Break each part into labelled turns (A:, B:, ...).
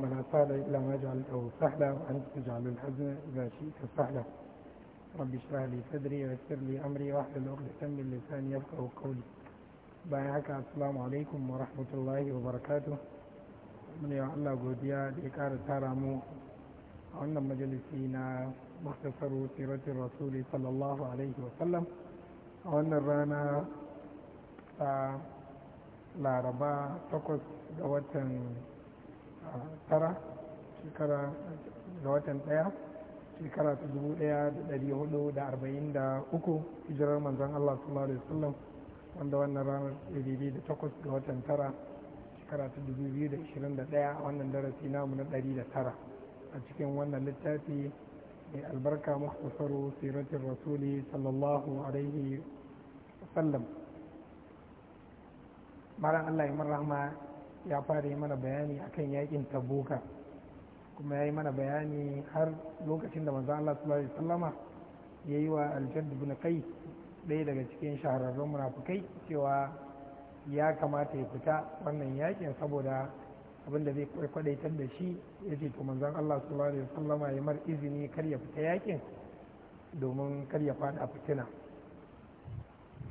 A: اللهم لا سهل الا ما جعلته سهلا وانت تجعل الحزن اذا شئت سهلا رب اشرح لي صدري ويسر لي امري واحلل عقدة من اللسان يفقه قولي بايعك السلام عليكم ورحمة الله وبركاته من يا الله غوديا لإكار تارامو عند مختصر سيرة الرسول صلى الله عليه وسلم عند رانا لا ربا تقص دوتن tara shekara ga watan ɗaya shekara ta dubu ɗaya da ɗari hudu da arba'in da uku hijirar manzon Allah sallallahu alaihi wasallam wanda wannan ranar ɗari da takwas ga watan tara shekara ta dubu biyu da ishirin da ɗaya wannan darasi namu na ɗari da tara a cikin wannan littafi mai albarka muhtasaru siratin rasuli sallallahu alaihi wasallam maran Allah yi rahma ya fara yi mana bayani akan yakin tabuka kuma ya yi mana bayani har lokacin da manzo Allah sallallahu alaihi wasallama ya yi wa aljadd ibn kai ɗaya daga cikin shahararrun munafukai cewa ya kamata ya fita wannan yaƙin saboda abin da zai kwadaitar da shi ya ce to manzon Allah sallallahu alaihi wasallama ya mar izini kar ya fita yakin domin kar ya fada fitina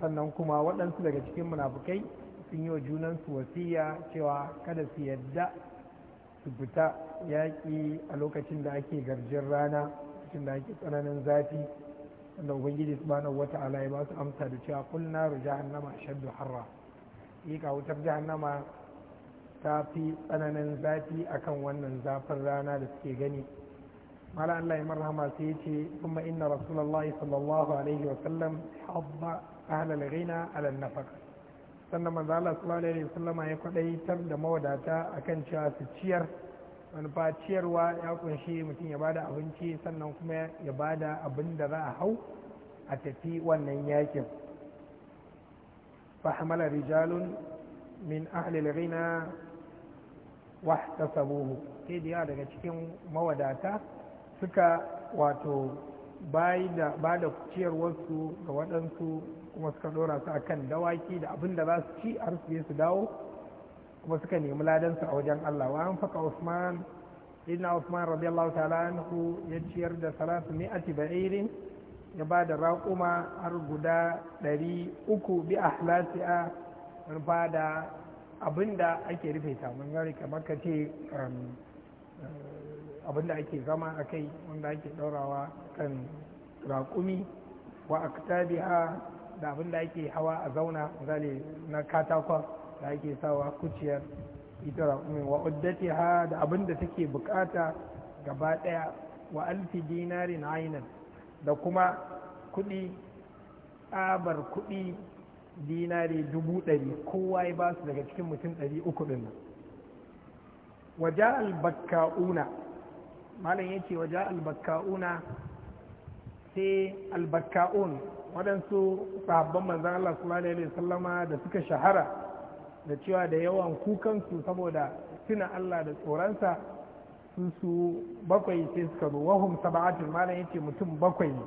A: sannan kuma waɗansu daga cikin munafukai sun yi wa junansu wasiya cewa kada su yadda su fita yaƙi a lokacin da ake garjin rana lokacin da ake tsananin zafi wanda ubangiji bana wata ya ba su amsa da cewa kul naru jahannama shaddu harra ka wutar jahannama ta fi tsananin zafi akan wannan zafin rana da suke gani mala Allah ya marhama sai ya ce kuma inna rasulallah sallallahu alaihi wa sallam habba ahlal ghina ala nafaqa sannan manzo Allah sallallahu alaihi sallama ya kwadaitar da mawadata a kan cewa su ciyar manufa ciyarwa ya kunshi mutum ya bada abinci sannan kuma ya bada abin da za a hau a tafi wannan yakin min رجال من أهل الغنى واحتسبوه sai da daga cikin mawadata suka wato ba da ciyarwarsu ga waɗansu kuma suka dora su a kan dawaki da abin da za su ci har su su dawo kuma suka nemi ladansu a wajen Allah wa an faka Usman ibn Usman radiyallahu ta'ala anhu ya ciyar da salatu mi'ati ba'irin ya ba da raƙuma har guda ɗari uku bi ahlasi'a rufa da abin da ake rufe ta mun gari kamar ka ce um, abin da ake zama a kai wanda ake ɗaurawa kan raƙumi wa aktabiha da abin da ake hawa a zauna misali na katakon da ake sawa kuciyar ita umin wa ha da abin da take bukata gaba ɗaya wa alfi dinarin ainan da kuma kuɗi tsabar kuɗi dinari dubu ɗari kowa ya ba su daga cikin mutum ɗari uku ɗin nan waja albakka'una malam ya ce waja albakka'una sai albarka'un waɗansu sahabban manzan Allah sallallahu alaihi sallama da suka shahara da cewa da yawan kukansu saboda tuna Allah da tsoronsa su su bakwai sai suka zo wahum sab'atul malam yace mutum bakwai ne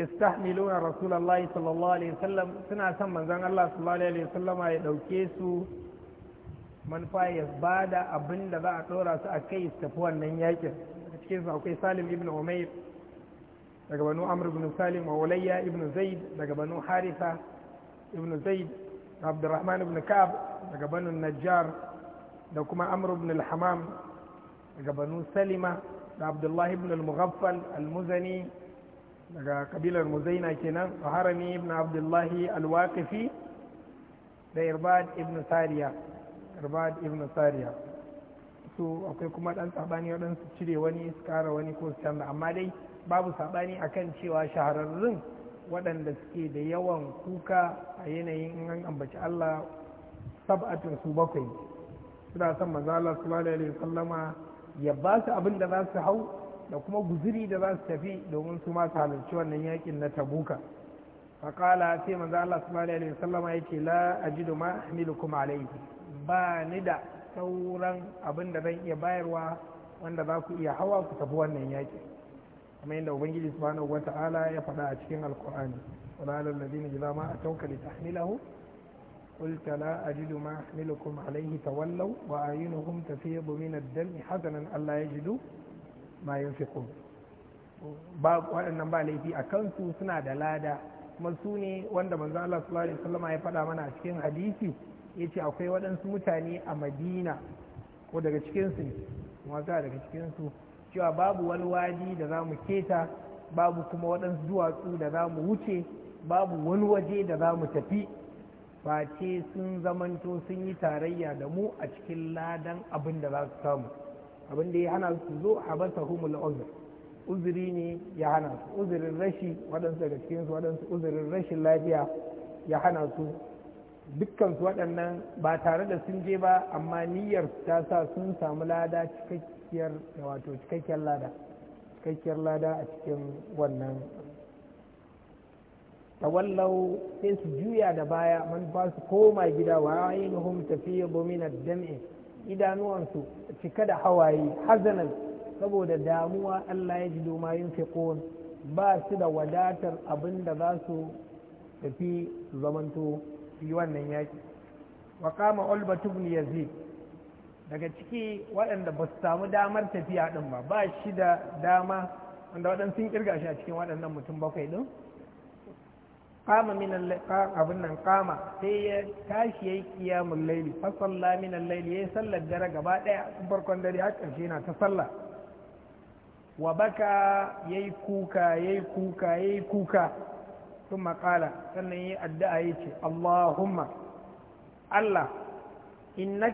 A: yastahmiluna rasulullahi sallallahu alaihi wasallam suna son manzan Allah sallallahu alaihi wasallama ya dauke su manfa ya bada abin da za a ɗora su a kai su tafi wannan yakin كيف أوكي سالم ابن عمير دقا بنو عمر بن سالم وولية ابن زيد دقا بنو حارثة ابن زيد عبد الرحمن بن كعب دقا بنو النجار دقما عمر بن الحمام دقا بنو سلمة عبد الله بن المغفل المزني دقا قبيلة المزينة كنا وحرمي ابن عبد الله الواقفي دا إرباد ابن سارية إرباد ابن سارية To akwai kuma ɗan saɓani waɗansu cire wani su ƙara wani ko su canza amma dai babu saɓani akan cewa shahararrun waɗanda suke da yawan kuka a yanayin in an ambaci Allah sab'atun su bakwai suna son manzo Allah sallallahu alaihi wasallama ya ba su abin da za su hau da kuma guzuri da za su tafi domin su ma halarci wannan yakin na tabuka faƙala sai maza Allah sallallahu alaihi wasallama yake la ajidu ma kuma alaihi ba ni da sauran abin da zan iya bayarwa wanda za ku iya hawa ku tafi wannan yaƙi kamar yadda ubangiji subhanahu wata'ala ya faɗa a cikin alkur'ani wala lal ladina idza ma atawka li tahmilahu قلت لا أجد ما أحملكم عليه تولوا وأعينهم تفيض من الدم حزنا ألا يجدوا ما ينفقون باب وأن با لaifi a kansu suna da lada kuma su ne wanda manzo Allah sallallahu alaihi wasallam ya faɗa mana a cikin hadisi ya ce akwai waɗansu mutane a madina ko daga cikinsu ne kuma daga cikinsu cewa babu wani wadi da za mu keta babu kuma waɗansu duwatsu da za mu wuce babu wani waje da za mu tafi face sun zamanto sun yi tarayya da mu a cikin ladan abin da za su samu abin da ya hana su zo a basa humul uzur uzuri ne ya hana su uzurin rashi waɗansu daga cikinsu waɗansu uzurin rashin lafiya ya hana su dukkan waɗannan ba tare da sun je ba amma niyyar ta sa sun samu lada cikakkiyar wato cikakkiyar lada cikakkiyar lada a cikin wannan tawallau sai su juya da baya man ba su koma gida wa ainihin tafiya domin jam'i idanuwansu cika da hawaye hazanan saboda damuwa Allah ya ji doma yin ba su da wadatar abin da za su tafi zamanto fi wannan yaki wa kama ulbatu ibn yazid daga ciki waɗanda ba su samu damar tafiya ɗin ba ba shi da dama wanda waɗansu sun kirga shi a cikin waɗannan mutum bakwai ɗin kama min abin nan kama sai ya tashi yayi qiyamul layli fa salla min al-layl yayi sallar dare gaba ɗaya farkon dare har karshe na ta sallah wa baka yayi kuka yayi kuka yayi kuka sun makala sannan yi addu'a ya ce Allahumma Allah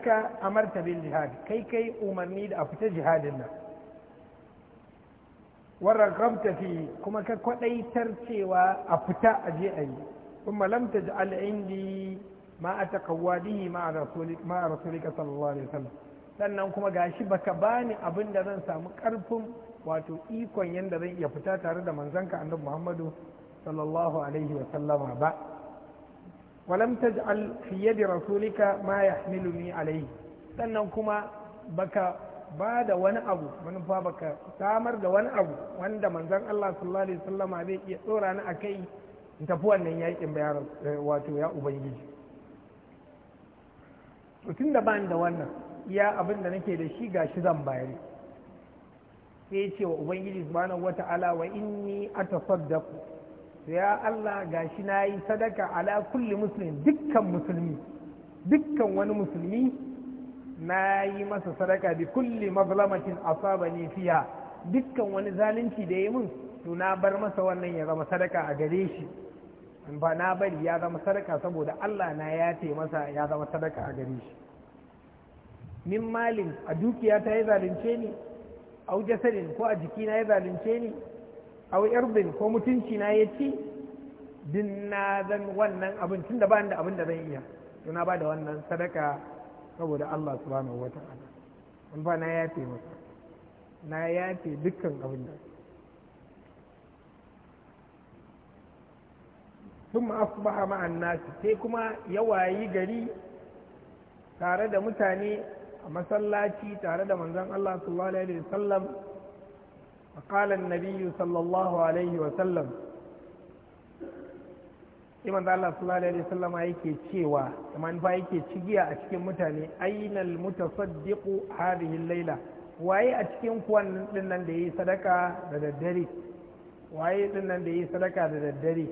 A: ka amarta bil jihad kai kai umarni da a fita jihadin nan warrakamta fi kuma ka kwadaitar cewa a fita a je a yi kuma lam taj'al indi ma atakawwa bihi ma rasulik ma rasulika sallallahu alaihi wasallam sannan kuma gashi baka bani abin da zan samu karfin wato ikon yadda zan iya fita tare da manzanka annabi Muhammadu صلى الله عليه وسلم با ولم تجعل في يد رسولك ما يحملني عليه sannan kuma baka ba da wani abu manufa baka samar da wani abu wanda manzon Allah sallallahu alaihi wasallam bai iya tsora ni akai in tafi wannan yakin bayaran eh, wato ya ubangiji to tunda ban da wannan iya abin da nake da shi gashi zan bayar sai ce wa ubangiji subhanahu wata'ala wa inni atasaddaqu ya Allah gashi na yi sadaka ala kulli muslim dukkan musulmi dukkan wani musulmi na yi masa sadaka bi kulli mazlamatin asabani fiya dukkan wani zalunci da ya mun to na bar masa wannan ya zama sadaka a gare shi ba na bari ya zama sadaka saboda Allah na ya ce masa ya zama sadaka a gare shi min malin a dukiya ta ya zalunce ni a wujasarin ko a jiki na ya zalunce ni aw irdin ko mutunci na ya ci din na zan wannan abin tun da ba da abin da zan iya to na bada wannan sadaka saboda Allah subhanahu wata'ala in fa na yafe masa na yafe dukkan abin da ثم أصبح مع الناس sai kuma ya wayi gari tare da mutane a masallaci tare da manzon Allah sallallahu alaihi wasallam فقال النبي صلى الله عليه وسلم Iman da Allah sallallahu alaihi wasallam yake cewa kamar fa yake cigiya a cikin mutane ainal mutasaddiqu hadhihi al-laila waye a cikin kuwan din nan da yayi sadaka da daddare waye din nan da yayi sadaka da daddare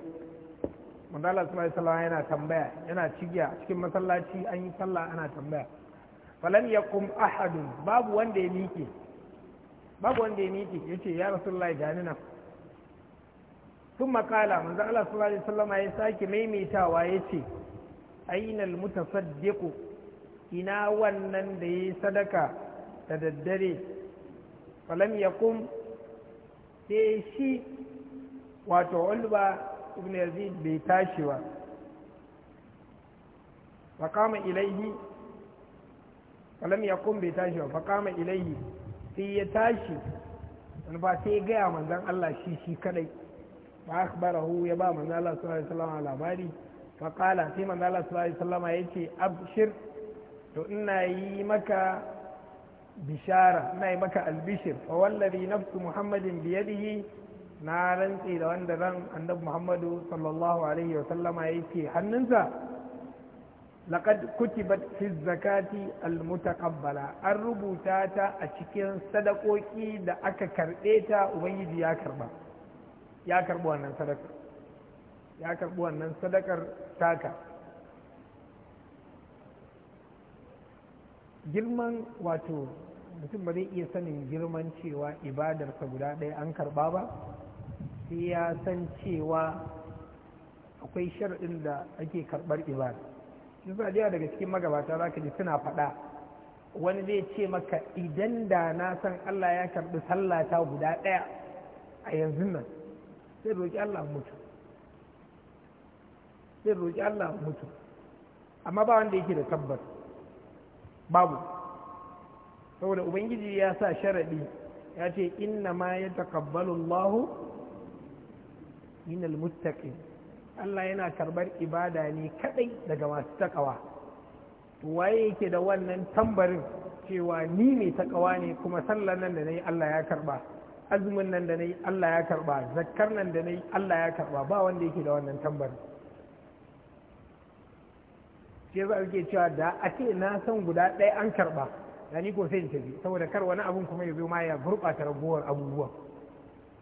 A: manzo Allah sallallahu alaihi wasallam yana tambaya yana cigiya cikin masallaci an yi sallah ana tambaya falan yakum ahadun babu wanda ya miƙe babu wanda ya miƙe ya ce ya rasulullahi gani nan sun makala manzo Allah sallallahu alaihi wasallam ya sake maimaitawa ya ce ainal mutasaddiqu ina wannan da yi sadaka da daddare falam yakum sai shi wato ulba ibn yazid bai tashi ba fa kama ilaihi falam yakum bai tashi ba fa kama ilaihi sai ya tashi in ba sai ya gaya manzan Allah shi shi kadai ba akhbarahu ya ba manzan Allah sallallahu alaihi wasallam labari fa qala sai manzan Allah sallallahu alaihi wasallam yace abshir to ina yi maka bishara ina yi maka albishir fa wallazi nafsu muhammadin bi yadihi na rantsi da wanda ran annabi muhammadu sallallahu alaihi wasallama yake hannunsa laqad kutibat fi zakati almutaqabbala an rubuta ta a cikin sadakoki da aka karɓe ta ubangiji ya karba wannan sadakar ya karɓi wannan sadakar taka girman wato mutum ba zai iya sanin girman cewa ibadarsa guda ɗaya an karɓa ba sai ya san cewa akwai shar'in da ake karɓar ibada shi jiya da daga cikin magabata za ka ji suna faɗa wani zai ce maka idan da na san Allah ya karɓi sallata guda ɗaya a yanzu nan sai roƙi Allah mutu sai roƙi Allah mutu amma ba wanda yake da tabbas babu saboda ubangiji ya sa sharaɗi ya ce inna ma ya taƙabbalu Allahu minal muttaqin Allah yana karɓar ibada ne kaɗai daga masu takawa waye yake da wannan tambarin cewa ni mai takawa ne kuma sallar nan da na yi Allah ya karɓa azumin nan da na yi Allah ya karɓa zakkar nan da na Allah ya karɓa ba wanda yake da wannan tambarin ke za ke cewa da a ce na san guda ɗaya an karba da ni ko sai in tafi saboda kar wani abun kuma ya zo ma ya gurɓata ragowar abubuwan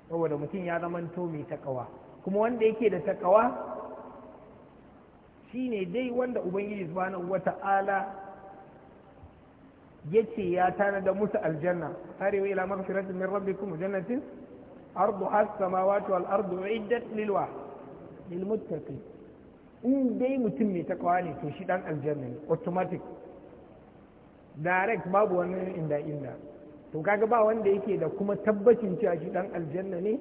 A: saboda mutum ya zamanto mai takawa kuma wanda yake da takawa shine dai wanda ubangiji subhanahu wata'ala yace ya tanada musu aljanna harewa ila maghfiratin min rabbikum wa jannatin ardu as-samawati wal ardu uiddat lil lil muttaqin in dai mutum mai takawa ne to shi dan aljanna ne automatic direct babu wani inda inda to kaga ba wanda yake da kuma tabbacin cewa shi dan aljanna ne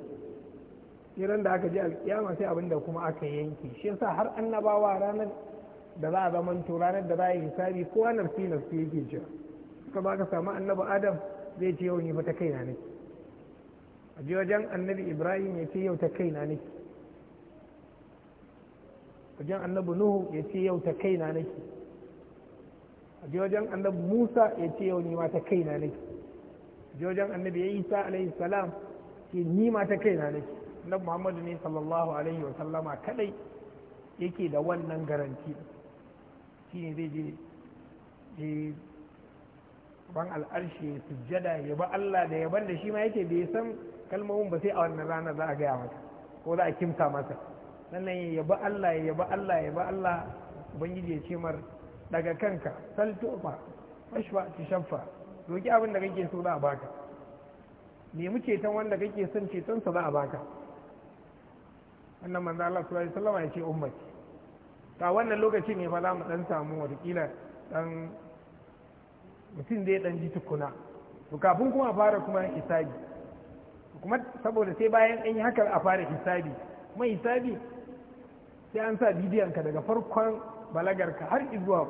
A: iran da aka ji alkiyama sai abin da kuma aka yanke shi yasa har annabawa ranar da za a zaman to ranar da za a yi hisabi ko ranar fi nafsi yake jira suka ba ka samu annabi adam zai ce yau ni fa ta kaina nake a je wajen annabi ibrahim ya ce yau ta kaina nake wajen annabi nuhu ya ce yau ta kaina nake a je wajen annabi musa ya ce yau ni ma ta kaina nake a je wajen annabi isa alaihi salam ce ni ma ta kaina nake na muhammadu ne sallallahu alaihi wasallama kadai yake da wannan garanti shi ne zai je je ban al'arshi sujjada ya ba Allah da yaban da shi ma yake bai san kalmomin ba sai a wannan rana za a gaya masa ko za a kimta masa sannan ya ba Allah ya ba Allah ya ba Allah ubangiji ya ce mar daga kanka saltofa fashwa tishaffa roki abin da kake so za a baka nemi ceton wanda kake son cetonsa za a baka wannan manzo Allah sallallahu alaihi wasallam ya ummati ta wannan lokacin ne fa za mu dan samu watakila dan mutum zai dan ji tukuna to kafin kuma fara kuma hisabi kuma saboda sai bayan an yi haka a fara hisabi kuma hisabi sai an sa bidiyon ka daga farkon balagarka har zuwa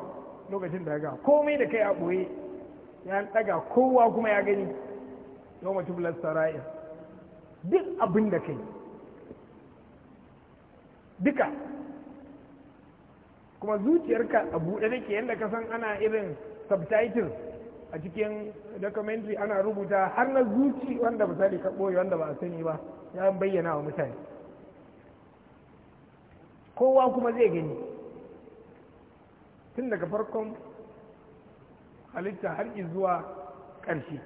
A: lokacin da ga komai da kai a ɓoye ya daga kowa kuma ya gani yau mutum lasara'ir duk abin da kai duka kuma zuciyarka a buɗe take yadda ka san ana irin subtitle a cikin documentary ana rubuta har na zuci wanda misali ka ɓoye wanda ba a sani ba ya bayyana wa mutane kowa kuma zai gani tun daga farkon halitta har zuwa ƙarshe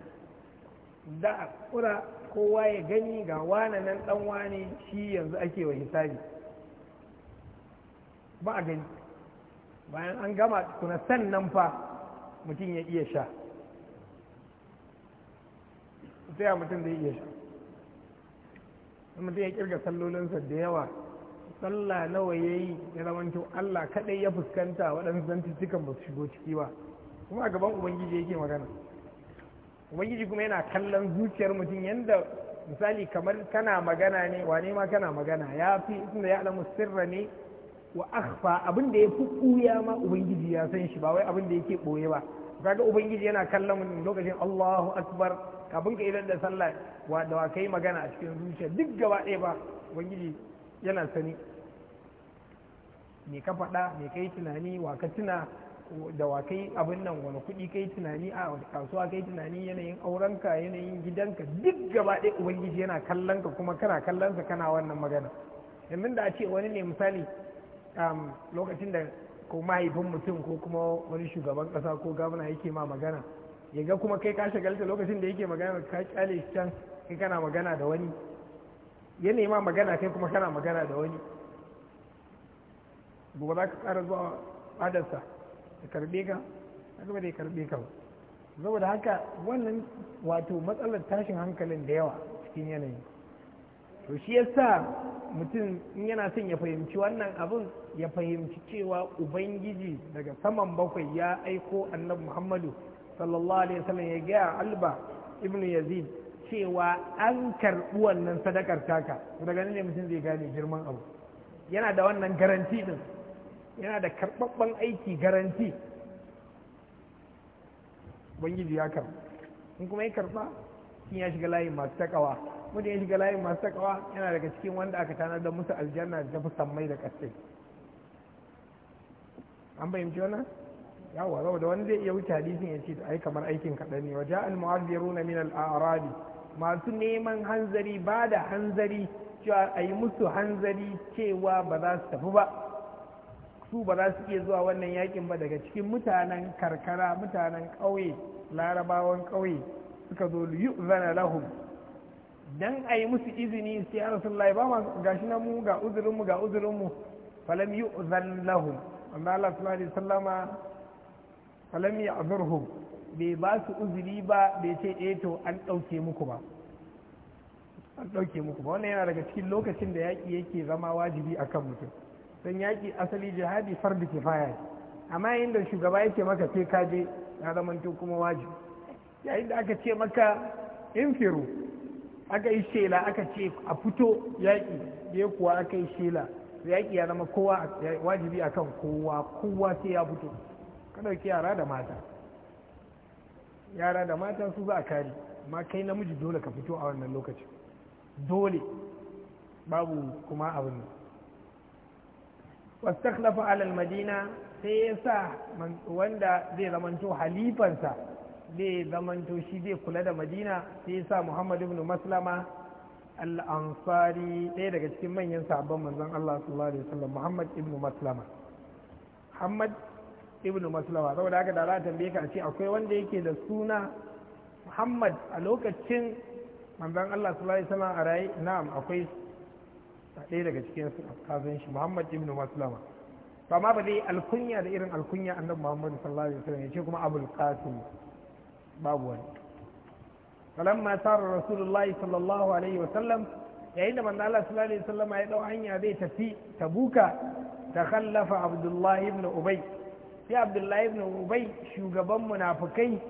A: da a kowa ya gani ga wane nan ɗan wane shi yanzu ake wa hisabi ba a gani bayan an gama kuna sannan fa mutum ya iya sha sai mutum zai iya sha mutum ya kirga sallolinsa da yawa sallah nawa ya yi ya zamanto Allah kaɗai ya fuskanta waɗansu zantuttukan ba su shigo ciki ba kuma a gaban ubangiji yake magana ubangiji kuma yana kallon zuciyar mutum yadda misali kamar kana magana ne wane ma kana magana ya fi inda ya alamu sirra ne wa akhfa abin da ya fi ƙuya ma ubangiji ya san shi ba wai abin da yake ɓoye ba kaga ubangiji yana kallon lokacin Allahu akbar kafin ka idan da sallah wa da kai magana a cikin zuciya duk gaba ɗaya ba ubangiji yana sani me ka faɗa me kai tunani wa ka tuna da wa kai abin nan wani kuɗi kai tunani a kasuwa kai tunani yanayin aurenka yanayin gidanka duk gaba ɗaya ubangiji yana kallon ka kuma kana kallon sa kana wannan magana yanzu da a ce wani ne misali lokacin da ko mahaifin mutum ko kuma wani shugaban kasa ko gwamna yake ma magana ya ga kuma kai ka shagalta lokacin da yake magana ka kyale can kai kana magana da wani ya nema magana kai kuma kana magana da wani gobe za ka ƙara zuwa fadarsa ya karbe ka haka da ya karbe ka saboda haka wannan wato matsalar tashin hankalin da yawa cikin yanayi to shi yasa mutum in yana son ya fahimci wannan abin ya fahimci cewa ubangiji daga saman bakwai ya aiko annabi muhammadu sallallahu alaihi wasallam ya gaya alba ibn yazid cewa an karɓi wannan sadakar taka daga nan ne mutum zai gane girman abu yana da wannan garanti din yana da karɓaɓɓen aiki garanti ubangiji ya karɓa in kuma ya karɓa shi ya shiga layin masu takawa wanda ya shiga layin masu takawa yana daga cikin wanda aka tanar da musu aljanna da tafi sammai da kasai an fahimci wannan yawa zau da wani zai iya wuce hadisin ya ce ai kamar aikin kaɗan ne wajen al-mu'azziruna min al-arabi masu neman hanzari ba da hanzari cewa a yi musu hanzari cewa ba za su tafi ba su ba za su iya zuwa wannan yakin ba daga cikin mutanen karkara mutanen ƙauye larabawan ƙauye suka zo yu'zana lahum dan a yi musu izini sai ya rasulullahi ba ma gashi na mu ga uzurinmu ga uzurinmu falam yi uzan lahum amma Allah sallallahu alaihi sallama falam yi bai ba su uzuri ba bai ce eh to an ɗauke muku ba an ɗauke muku ba wannan yana daga cikin lokacin da yaƙi yake zama wajibi a kan mutum don yaƙi asali jihadi fardu kifaya amma yayin da shugaba yake maka sai ka je ya zamanto kuma wajibi yayin da aka ce maka infiru aka yi shela aka ce a fito yaƙi da kuwa aka yi shela yaƙi ya zama kowa wajibi akan kowa kowa sai ya fito ka ɗauki yara da mata yara da mata su za a kare amma kai namiji dole ka fito a wannan lokacin dole babu kuma abin wastakhlafa alal madina sai ya sa wanda zai zamanto halifansa zai zamanto shi zai kula da madina sai ya sa muhammad ibn maslama al'ansari ɗaya daga cikin manyan sabon manzon allah sallallahu alaihi wasallam muhammad ibn maslama muhammad ibn maslama saboda haka da za a tambaye ka ce akwai wanda yake da suna muhammad a lokacin manzon allah sallallahu alaihi wasallam a raye na'am akwai ɗaya daga cikin kafin shi muhammad ibn maslama ba ma ba dai alkunya da irin alkunya annabi muhammad sallallahu alaihi wasallam ya ce kuma abul qasim babu wani falamma sara rasulullahi sallallahu alaihi wasallam yayin da manzo Allah sallallahu alaihi wasallam ya dau hanya zai tafi tabuka takhallafa abdullahi ibn ubay sai abdullahi ibn ubay shugaban munafikai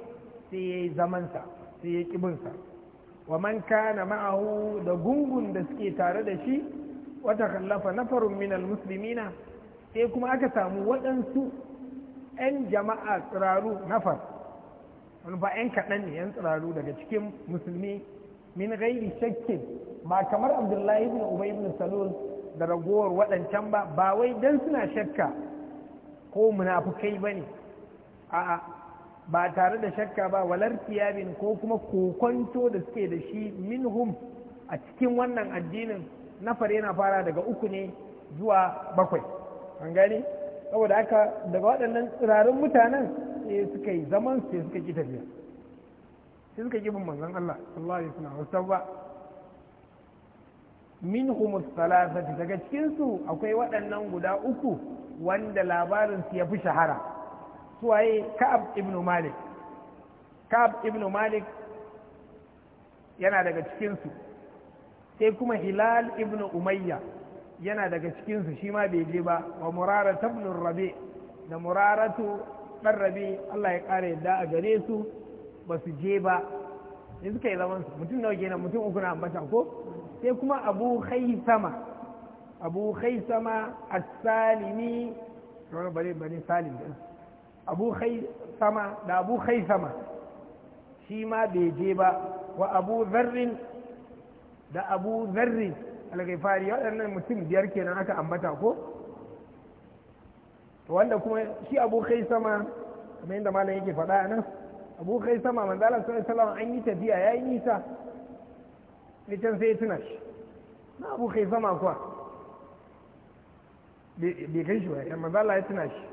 A: sai yayi zaman sai ya wa man kana ma'ahu da gungun da suke tare da shi wa takhallafa nafarun min sai kuma aka samu waɗansu 'yan jama'a tsiraru nafar wani ba kaɗan ne 'yan tsiraru daga cikin musulmi min gairi shakkin ba kamar abdullahi ibn ubay ibn salul da ragowar waɗancan ba ba wai dan suna shakka ko munafukai ba ne a'a ba tare da shakka ba walar kiyabin ko kuma kokonto da suke da shi minhum a cikin wannan addinin nafar yana fara daga uku ne zuwa bakwai an gani saboda haka daga waɗannan tsirarin mutanen tsaye suka yi zaman sai suka ƙi tafiya sai suka ki bin manzon Allah sallallahu alaihi wasallam wasabba minhum salasati daga cikin su akwai waɗannan guda uku wanda labarin su yafi shahara su waye Ka'ab ibn Malik Ka'ab ibn Malik yana daga cikin su sai kuma Hilal ibn Umayya yana daga cikinsu shi ma bai je ba wa murara tabnun rabe da muraratu ɗan rabi Allah ya ƙara yadda a gare su ba su je ba ne suka yi zaman su mutum nawa kenan mutum uku na ambata ko sai kuma abu sama abu sama a salimi bane bane salim ɗin abu sama da abu sama shi ma bai je ba wa abu zarrin da abu zarrin al-ghifari waɗannan mutum biyar kenan aka ambata ko wanda kuma shi abu kai sama kamar yadda malam yake faɗa nan abu kai sama manzalar sai alaihi an yi tafiya ya yi nisa ne can sai tuna shi na abu kai sama kuwa bai kai shi ba manzala ya tuna shi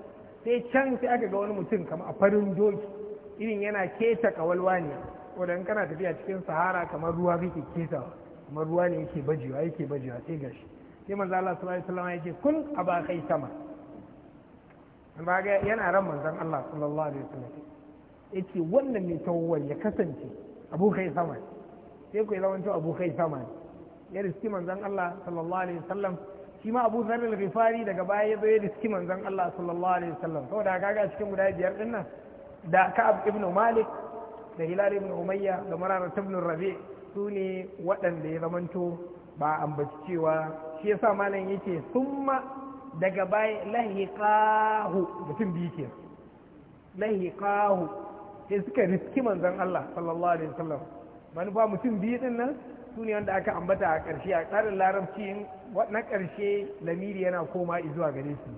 A: sai can sai aka ga wani mutum kama a farin doki irin yana keta kawalwa ne wadda kana tafiya cikin sahara kamar ruwa kake ketawa kamar ruwa ne yake bajewa yake bajewa sai gashi sai manzala sai sallallahu alaihi yake kun aba kai sama ga yana ran manzon Allah sallallahu alaihi wasallam yace wannan mai tawwal ya kasance abokai sama sai ku zama abokai sama ya riski manzon Allah sallallahu alaihi wasallam shi ma Abu Dharr al-Ghifari daga baya ya zo ya riski manzon Allah sallallahu alaihi wasallam saboda kaga cikin guda biyar din nan da Ka'ab ibn Malik da Hilal ibn Umayya da Murara ibn Rabi' su ne waɗanda ya zamanto ba ambaci cewa shi yasa malam yake summa daga baya lahiqahu mutum biyu ke lahiqahu sai suka riski manzon Allah sallallahu alaihi wasallam manufa mutum biyu din nan su ne wanda aka ambata a ƙarshe a tsarin larabci na ƙarshe lamiri yana koma zuwa gare su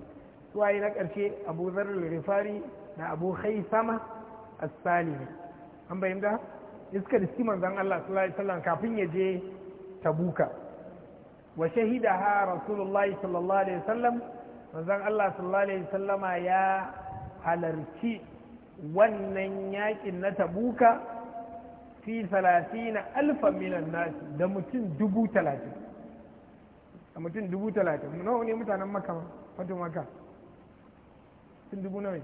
A: suwaye na ƙarshe abu zarar rifari da abu haisama as-salimi an bayyana iskar siman zan Allah sallallahu alaihi wasallam kafin ya je tabuka wa shahidaha rasulullahi sallallahu alaihi wasallam manzon Allah sallallahu alaihi wasallama ya halarci wannan yakin na tabuka fi salatina alfa minan nasi da mutum dubu talatin da mutum dubu talatin nawa ne mutanen maka fatin maka Mutum dubu nawa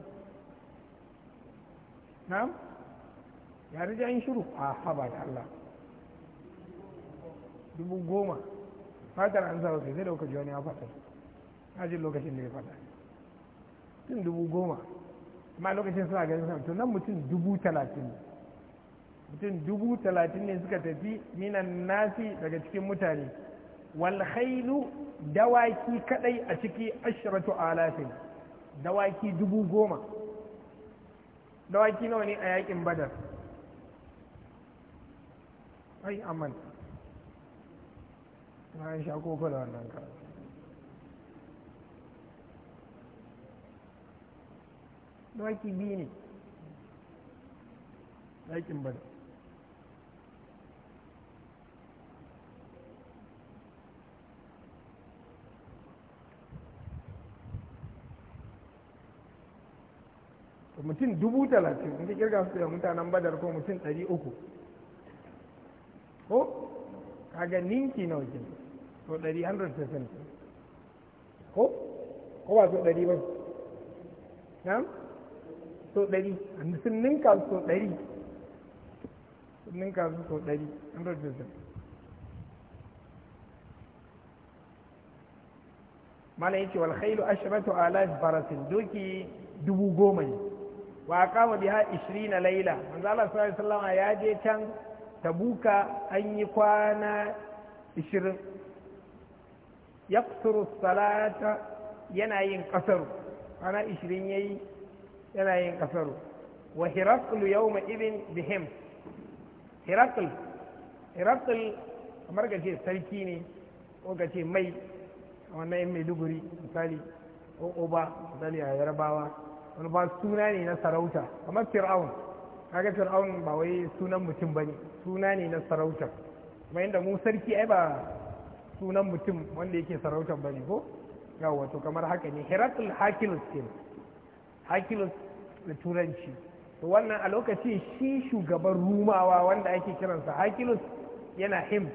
A: na'am ya rija yin shiru a haba da Allah dubu goma fatar an sa sai da kuka ji wani ya faɗa a jin lokacin da ya faɗa tun dubu goma amma lokacin suna ganin sami to nan mutum dubu talatin ne mutum dubu talatin ne suka tafi minan nasi daga cikin mutane wal dawaki kadai a ciki ashratu alafin dawaki dubu goma dawaki nawa ne a yakin badar ai amanta na yi sha koko da wannan ka daki biyu ne dakin bada mutum dubu talatin inda kirga su da mutanen badar ko mutum ɗari uku ko kaga ninki nawa ke to 100% ko ko ba so 100 ba na'am so 100 sun ninka so 100 sun ninka so 100 100% mala yace wal khailu ashratu alaf farasin doki dubu goma ne wa aqama biha 20 laila manzo Allah sallallahu alaihi wasallam ya je can tabuka an yi kwana 20 ya salata yana yin kasaru kwana 20 ya yi yana yin kasaru wa hirakul yau ma'ibin bihim hirakul hirakul kamar ga ce sarki ne ko ga ce mai wannan yin maiduguri misali ko oba misali a yarabawa wani ba suna ne na sarauta kamar fir'aun kaga fir'aun ba wai sunan mutum bane suna ne na sarauta kuma inda mu sarki ai ba sunan mutum wanda yake sarautar bane ko yawa to kamar haka ne herakl hakilus ke hakilus da turanci to wannan a lokacin shi shugaban rumawa wanda ake kiransa hakilus yana him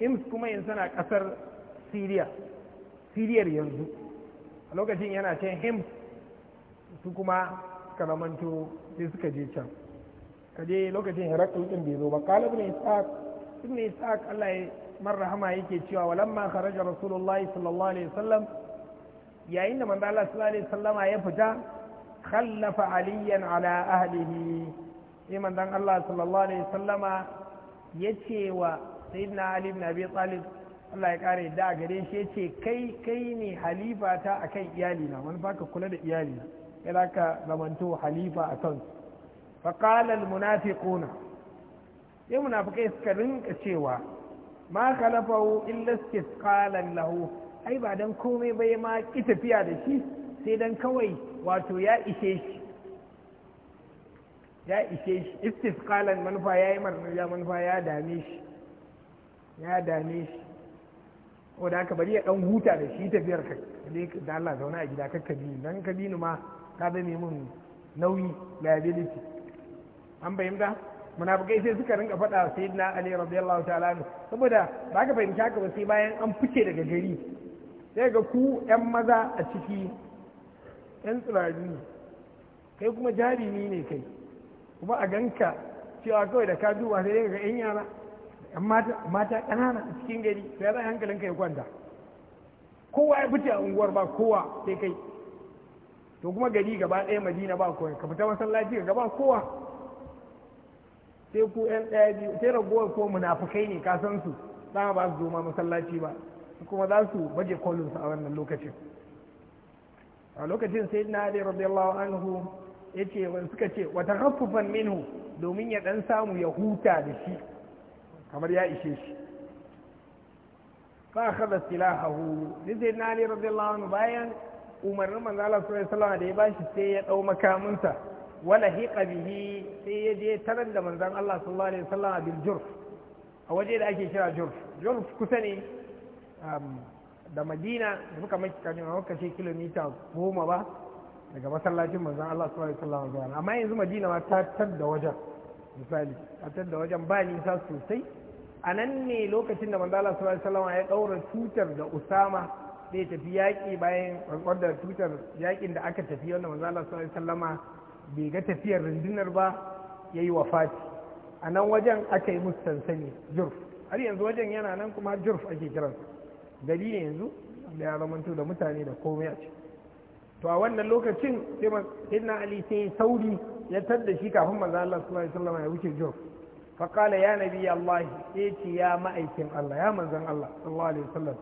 A: hims kuma yanzu tana kasar syria siriyar yanzu a lokacin yana can hims su kuma karamanto sai suka je can ka je lokacin herakul din bai zo ba qala ibn ishaq ibn ishaq Allah ya marrahama yake cewa walamma kharaja rasulullahi sallallahu alaihi wasallam yayin da manzo Allah sallallahu alaihi wasallama ya fita khallafa aliyan ala ahlihi sai manzon Allah sallallahu alaihi wasallama ya ce wa sayyidina ali ibn abi talib Allah ya kare da gare shi ya ce kai kai ne halifa ta akan na manufa ka kula da iyali na yana ka zamanto halifa a kansu fa ƙalal mu na fi ƙona suka rinka cewa maka na fahim in laske laho ai ba dan komai bai yi maki tafiya da shi sai dan kawai wato ya iseshi ifte su ƙalan manufa ya yi marija manufa ya dame shi ya dame shi ko da aka bari ka ɗan huta da shi ta biyar ka allah zaune a gida ka kabini don kabinu ma ka zame min nauyi layyabilce. an fahimta munafikai sai suka rinka faɗa sayyidina ali radiyallahu ta'ala saboda ba ka fahimci haka ba sai bayan an fice daga gari sai ga ku yan maza a ciki yan tsirari kai kuma jarumi ne kai kuma a ganka cewa kawai da ka duba sai ga yan yara yan mata ƙanana a cikin gari sai za ka ya kwanta kowa ya fice a unguwar ba kowa sai kai to kuma gari gaba ɗaya madina ba kowa ka fita masallaci gaba kowa sai ku yan ɗaya biyu sai ragowar ko munafukai ne ka san su za ba su zo ma masallaci ba kuma za su baje kwallon su a wannan lokacin a lokacin sai na ali radiyallahu anhu ya ce suka ce wata haffufan minhu domin ya ɗan samu ya huta da shi kamar ya ishe shi fa akhadha silahahu sai na ali radiyallahu anhu bayan umarnin manzo Allah sallallahu alaihi da ya bashi sai ya ɗau makaminsa wala hiƙa bihi sai ya je tarar da manzan Allah sallallahu alaihi wasallam a bil jurf a waje da ake kira jurf jurf kusa ne um, da madina da muka maki kamin a wakashe kilomita goma ba daga masallacin manzan Allah sallallahu alaihi wasallam amma yanzu madina ma ta tar da wajen misali ta tar da wajen ba nisa sosai a nan ne lokacin da manzan Allah sallallahu alaihi wasallam ya daura tutar da Usama zai tafi yaƙi bayan da tutar yaƙin da aka tafi wanda manzan Allah sallallahu alaihi wasallama bai ga tafiyar rundunar ba ya yi wafati a nan wajen aka yi musu sansani jurf har yanzu wajen yana nan kuma jurf ake kiransa gari ne yanzu da ya zamanto da mutane da komai a ciki to a wannan lokacin sayyidina ali sai sauri ya tadda shi kafin manzo Allah sallallahu alaihi wasallam ya wuce jurf fa qala ya nabi Allah sai ce ya ma'aikin Allah ya manzon Allah sallallahu alaihi wasallam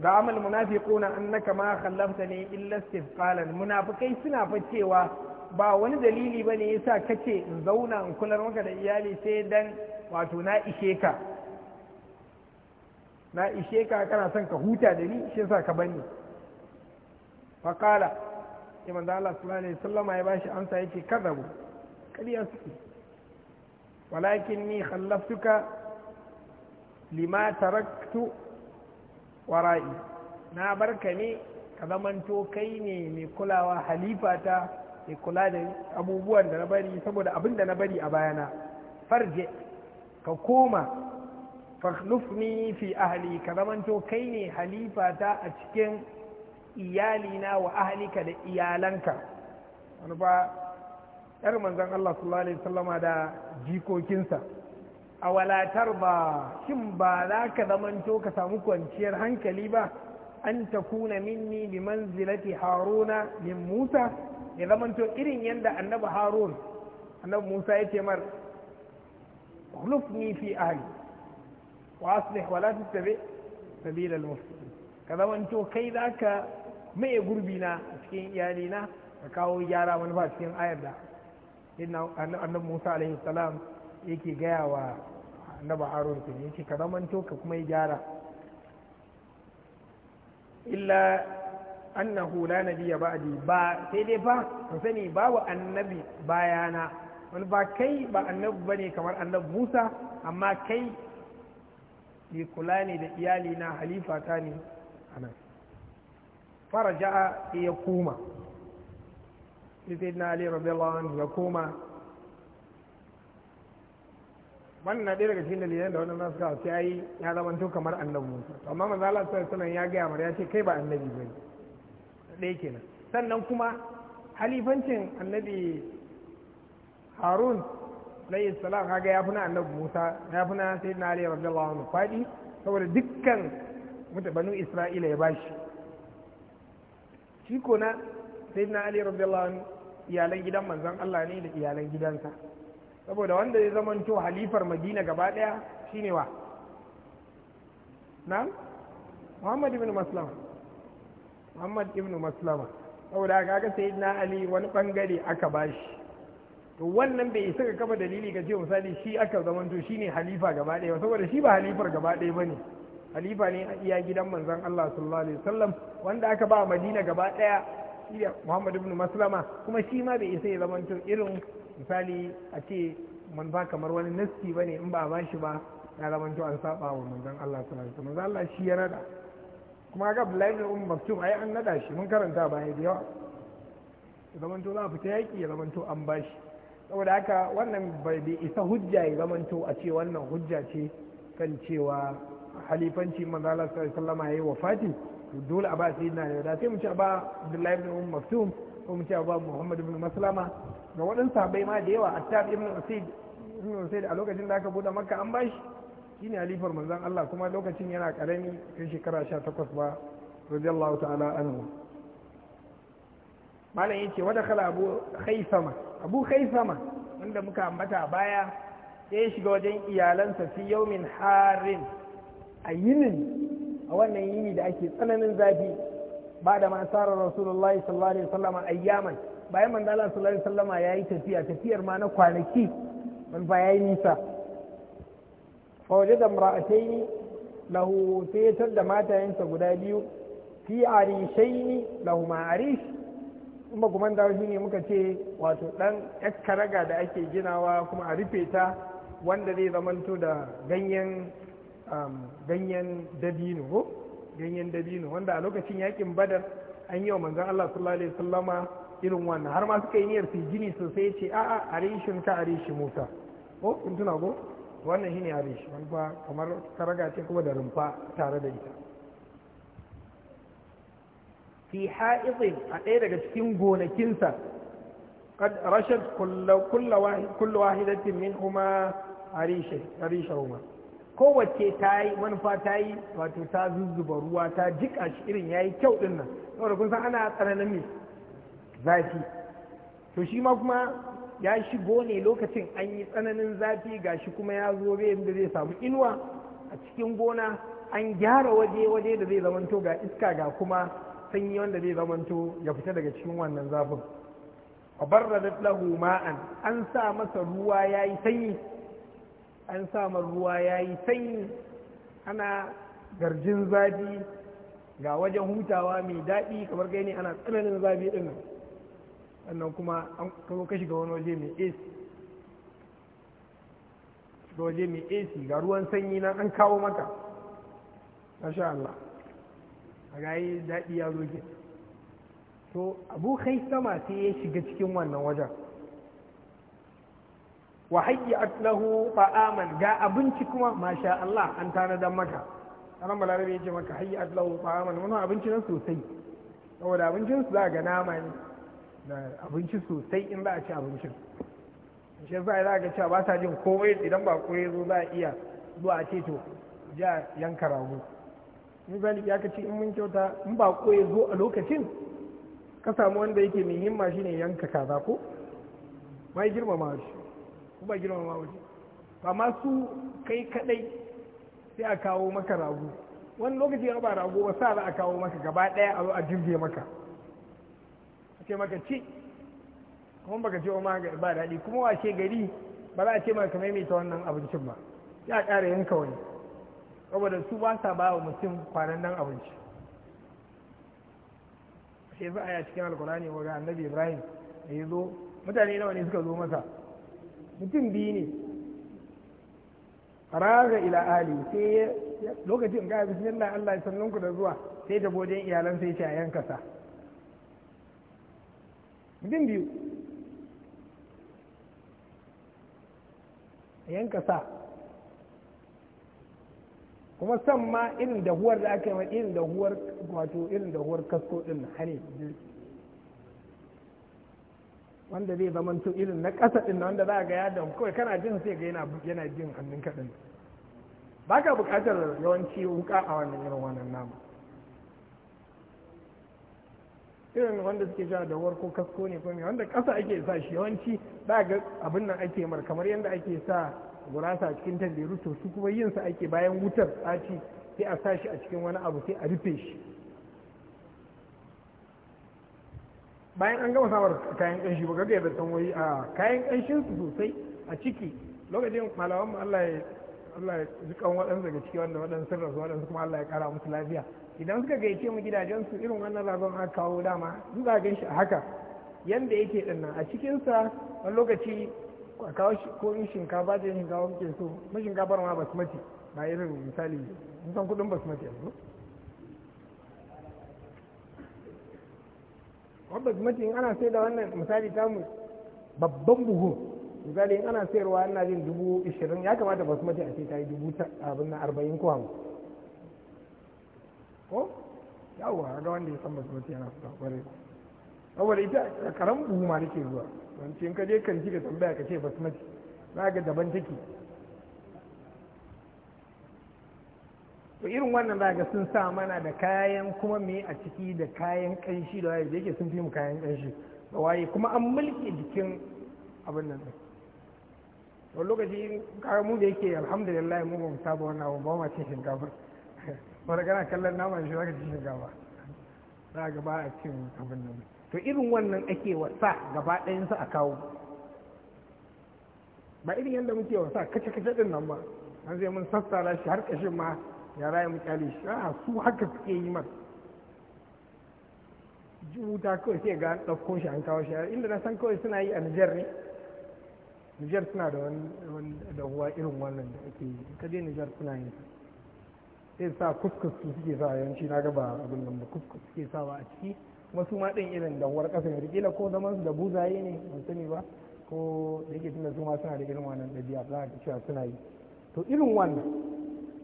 A: da amal munafiquna annaka ma khallaftani illa istifqalan munafikai suna fa cewa ba wani dalili ba ne yasa kace in zauna in kular maka da iyali sai dan wato na ishe ka na ishe ka kana son ka huta da ni shi yasa ka bani faƙala ya manzo Allah sallallahu alaihi wasallam ya bashi amsa yace kadabu kariya suke walakin ni khallaftuka lima taraktu wara'i na barka ne ka zamanto kai ne mai kulawa halifata ya kula da abubuwan da na bari saboda abin da na bari a bayana farje ka koma ni fi ahli ka zamanto kai ne halifata a cikin iyalina wa ahalika da iyalanka wani ba yar manzan Allah sallallahu alaihi wasallama da jikokinsa a walatar ba shin ba za ka zamanto ka samu kwanciyar hankali ba an takuna minni bi manzilati haruna min musa ya zamanto irin yadda annabi harun annabi musa ya ce mar ni fi ahli wa aslih wa la tattabi sabil al ka zamanto kai zaka maye gurbi na cikin iyali na ka kawo gyara manufa cikin ayar da annabi musa alaihi salam yake gaya wa annabi harun ne yake ka zamanto ka kuma yi gyara illa annahu la nabiyya ba'di ba sai dai ba ka sani babu annabi bayana wani ba kai ba annabi bane kamar annabi Musa amma kai bi kula ne da iyali na halifa ta ne anan faraja ya koma sai na Ali radiyallahu anhu ya koma wannan na ɗaya daga cikin dalilan da wannan nasu kawo sai ya zama kamar annabi Musa amma manzo Allah sallallahu alaihi wasallam ya ga ya ce kai ba annabi bane ɗaya kenan sannan kuma halifancin annabi harun alayhi salam kaga ya fi na annabi musa ya fi na sai na ali radiyallahu anhu faɗi saboda dukkan banu isra'ila ya bashi shi ko na sai na alayyar radiyallahu lawan iyalan gidan manzon Allah ne da iyalan gidansa saboda wanda ya to halifar madina gaba ɗaya shine wa na muhammad ibn maslama muhammad ibn maslama saboda kaga sayyidina ali wani bangare aka bashi to wannan bai isa ga kafa dalili ka ce misali shi aka zamanto shine halifa gaba ɗaya saboda shi ba halifar gaba ɗaya bane halifa ne a iya gidan manzon Allah sallallahu alaihi wasallam wanda aka ba Madina gaba ɗaya shine Muhammad ibn Maslama kuma shi ma bai isa ya zamanto irin misali a ce man ba kamar wani nasti bane in ba a bashi ba ya zamanto an saba wa manzon Allah sallallahu alaihi wasallam Allah shi ya rada kuma ga Abdullahi ibn Umm ai an nada shi mun karanta baya da yawa zamanto za a fita yaki ya zamanto an bashi saboda haka wannan bai isa hujja ya zamanto a ce wannan hujja ce kan cewa halifanci manzo Allah sallallahu alaihi wa Fati to dole a ba sai na da sai mu ci ba Abdullahi ibn Umm Maktum ko mu ce ba Muhammad ibn Maslama ga waɗansu sahabbai ma da yawa Attab ibn Usaid ibn Usaid a lokacin da aka buɗe Makka an bashi ne halifar manzan Allah kuma lokacin yana karami kan shekara takwas ba radiyallahu ta'ala anhu malam yace wa dakhala abu khaisama abu khaisama wanda muka ambata a baya sai ya shiga wajen iyalansa fi yaumin harin a yinin a wannan yini da ake tsananin zafi ba da ma tsara rasulullahi sallallahu alaihi wasallama ayyaman bayan manzo Allah sallallahu alaihi wasallama yayi tafiya tafiyar ma na kwanaki man ba yayi nisa فوجد امرأتين ya tar da matayensa guda biyu fi arishaini lahu ma arish kuma kuma da ne muka ce wato dan karaga da ake ginawa kuma a rufe ta wanda zai zamanto da ganyen ganyen dabino ko ganyen dabino wanda a lokacin yakin badar an yi wa manzan Allah sallallahu alaihi wasallama irin wannan har ma suka yi niyyar su gini sosai ce a'a rishin ka arishi musa ko in tuna ko wannan shine arish rumfa kamar karaga ce kuma da rumfa tare da ita fi ha'izin a ɗaya daga cikin gonakinsa kad rashad kullu wahidatin min huma arishahuma kowace ta yi manufa ta yi wato ta zuzzuba ruwa ta jika shi irin ya yi kyau dinnan saboda kun san ana tsananin mai zafi to shi ma kuma ya shigo ne lokacin an yi tsananin zafi ga shi kuma ya zo bai da zai samu inuwa a cikin gona an gyara waje waje da zai zamanto ga iska ga kuma sanyi wanda zai zamanto ya fita daga cikin wannan zafin A da lahu ma'an an sa masa ruwa ya yi sanyi an sa masa ruwa ya yi sanyi ana garjin zafi ga wajen hutawa mai daɗi kamar gani ana tsananin zafi ɗin sannan kuma an kawo ka shiga wani waje mai ac shiga waje mai ac ga ruwan sanyi na an kawo maka masha Allah a gayi daɗi ya zo ke to abu kai sama sai ya shiga cikin wannan wajen wa hayyat lahu ta'aman ga abinci kuma masha Allah an tanadan maka ƙaran balarabe ya ce maka hayyat lahu ta'aman wannan abinci na sosai saboda abincinsu za ga nama ne abinci sosai in za a ci abincin shi za za ga cewa ba sa jin komai idan ba ya zo za a iya zuwa ce to ja yanka rago misali ya ka ci in mun kyauta in ba ya zo a lokacin ka samu wanda yake mai himma shine yanka kaza ko mai girmama shi ko ba ma shi amma su kai kadai sai a kawo maka rago wani lokaci ba rago ba sa za a kawo maka gaba daya a zo a jirge maka ce maka ce kuma baka ce ma ba daɗi kuma washe gari ba za a ce maka maimaita wannan abincin ba ya ƙara yanka wani saboda su ba sa ba wa mutum kwanan nan abinci sai za a yi a cikin alkurani wa annabi ibrahim da ya zo mutane nawa ne suka zo masa mutum biyu ne Raga ila ali sai lokacin ga bismillah Allah ya sannan ku da zuwa sai ta wajen iyalan sai ya yanka sa bin biyu yanka sa kuma san ma irin dahuwar da aka yi irin dahuwar wato irin dahuwar kasko din hane wanda zai zama to irin na kasa din wanda za ga ya damu kawai kana jin sai ga yana yana jin hannun kaɗin baka ka buƙatar yawanci wuka a wannan irin wannan namu irin wanda suke sha da warko kasko ne ko ne wanda kasa ake sa shi yawanci ba ga abin nan ake mar kamar yadda ake sa gurasa cikin tanderu to su kuma yin sa ake bayan wutar tsaci sai a sa shi a cikin wani abu sai a rufe shi bayan an gama samar kayan ƙanshi ba kaga yadda san wai a kayan ƙanshin su sosai a ciki lokacin malawan mu Allah ya Allah ya jikan waɗansu daga ciki wanda waɗansu rasu waɗansu kuma Allah ya ƙara musu lafiya idan suka gaice mu gidajensu irin wannan ragon aka kawo dama duka gan shi haka yanda yake din nan a cikinsa wani lokaci a kawo ko in shinkafa da shinkafa ke so mu shinkafar ma basmati ba irin misali mun san kudin basmati yanzu wani basmati in ana sai da wannan misali tamu babban buhu misali in ana sayarwa ana jin dubu ishirin ya kamata basmati a ce ta yi dubu abin na arba'in ko hamsin ko a ga wanda ya san basmati yana fita kwarai saboda ita a karan buhu ma nake zuwa don in ka je kan ji ka tambaya ka ce basmati za ga daban take to irin wannan za ga sun sa mana da kayan kuma me a ciki da kayan kanshi da waye da yake sun fi mu kayan kanshi da waye kuma an mulki jikin abin nan to lokaci kaga mu da yake alhamdulillah mu ba mu saba wannan ba ma cin shinkafa wanda gana kallon naman shi zaka ci shinkafa za ga ba a cin abin nan to irin wannan ake wasa gaba ɗayan su a kawo ba irin yadda muke wasa kace kace din nan ba an zai mun sassara shi har kashin ma ya raya mu kyale shi a ah, su haka suke yi mar juta kawai sai ga ɗauko shi an kawo shi inda na san kawai suna yi a Nijar ne Nijar suna da wani da irin wannan da ake yi kaje Nijar suna yin sai sa kuskus su suke sa yanci na gaba abin nan ba kuskus suke ba a ciki kuma su ma ɗin irin da dahuwar ƙasa ne rikila ko zaman su da buzaye ne ban sani ba ko da yake tunda su ma suna da irin wannan a za ka cewa suna yi to irin wannan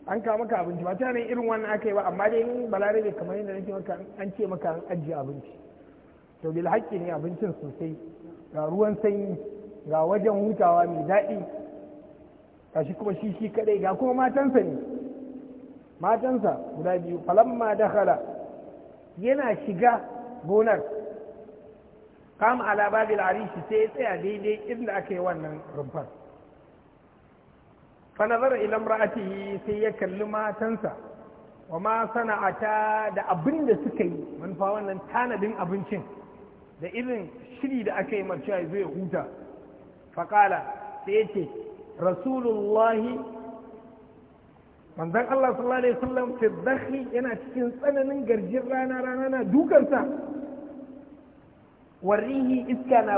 A: an kawo maka abinci ba tunanin irin wannan aka yi ba amma dai in balarabe kamar yadda nake maka an ce maka an ajiye abinci to bil haƙƙi ne abincin sosai ga ruwan sanyi ga wajen hutawa mai daɗi shi kuma shi shi kaɗai ga kuma matansa ne matansa guda biyu falamma dakhala yana shiga gonar kama ala babil arishi sai ya tsaya daidai inda aka yi wannan rumfar fa nazara ila sai ya kalli matansa wa ma sana'ata da abin da suka yi manufa wannan tanadin abincin da irin shiri da aka yi marciya zai huta faƙala sai ya ce rasulullahi manzon Allah sallallahu alaihi wasallam fi yana cikin tsananin garjin rana rana na dukansa warihi iska na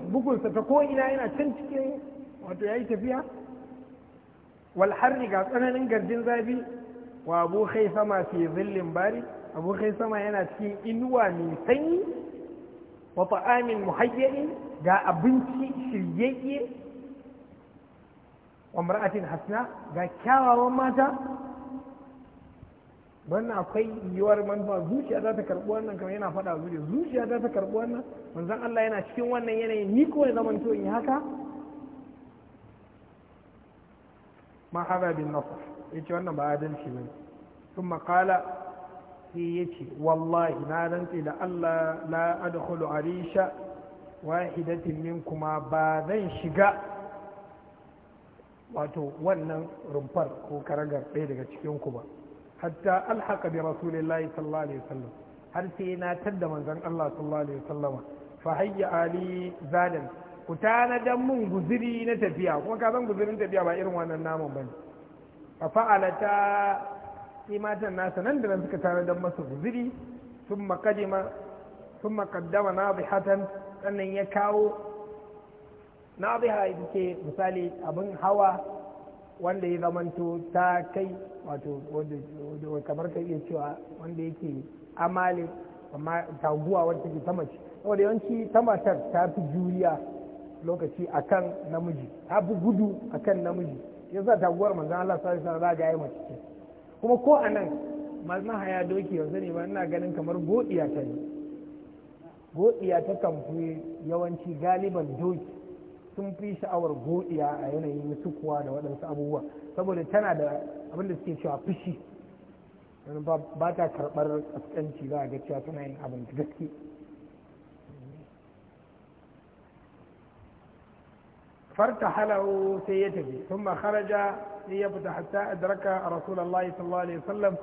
A: bugunsa ta ko ina yana can cikin wato yayi tafiya wal ga tsananin garjin zafi wa abu sama fi zillin bari abu sama yana cikin inuwa mai sanyi wa ta'amin muhayyadin ga abinci shiryayye wa mar'atin hasna ga kyawawan mata Bana akwai yiwuwar manufa zuciya za ta karɓi wannan kamar yana faɗa zuciya zuciya za ta karɓi wannan manzon Allah yana cikin wannan yanayin ni kawai zaman to in yi haka ma hada bin nasar yace wannan ba adalci bane kuma qala sai yace wallahi na rantsi da Allah la adkhulu arisha wahidatin kuma ba zan shiga wato wannan rumfar ko karagar ɗaya daga cikin ku ba hatta alhaka bi rasulillahi sallallahu alaihi wasallam har sai na tadda manzon Allah sallallahu alaihi wasallam fa hayya ali zadan ku dan mun guziri na tafiya kuma ka san guzirin tafiya ba irin wannan naman bane fa fa'alata sai matan nasa nan da nan suka dan masa guziri sun makadima sun makaddama na sannan ya kawo na biha ita ce misali abin hawa wanda ya zamanto ta kai wato kamar ka iya cewa wanda yake amali amma taguwa wanda take ta saboda yawanci ta matar ta fi juriya lokaci akan namiji ta fi gudu akan namiji sa taguwar manzon Allah sallallahu alaihi wasallam ga yayi mace kuma ko anan mazna haya doki yanzu ne ba ina ganin kamar godiya ta ne godiya ta kan fi yawanci galiban doki sun fi sha'awar godiya a yanayin sukuwa da waɗansu abubuwa saboda tana da abinda suke cewa fushi ba ta karɓar ƙasƙanci za a ga cewa tana yin abin da gaske farta halau sai ya tafi sun kharaja sai ya fita hatta adraka a rasulallah sallallahu alaihi wasallam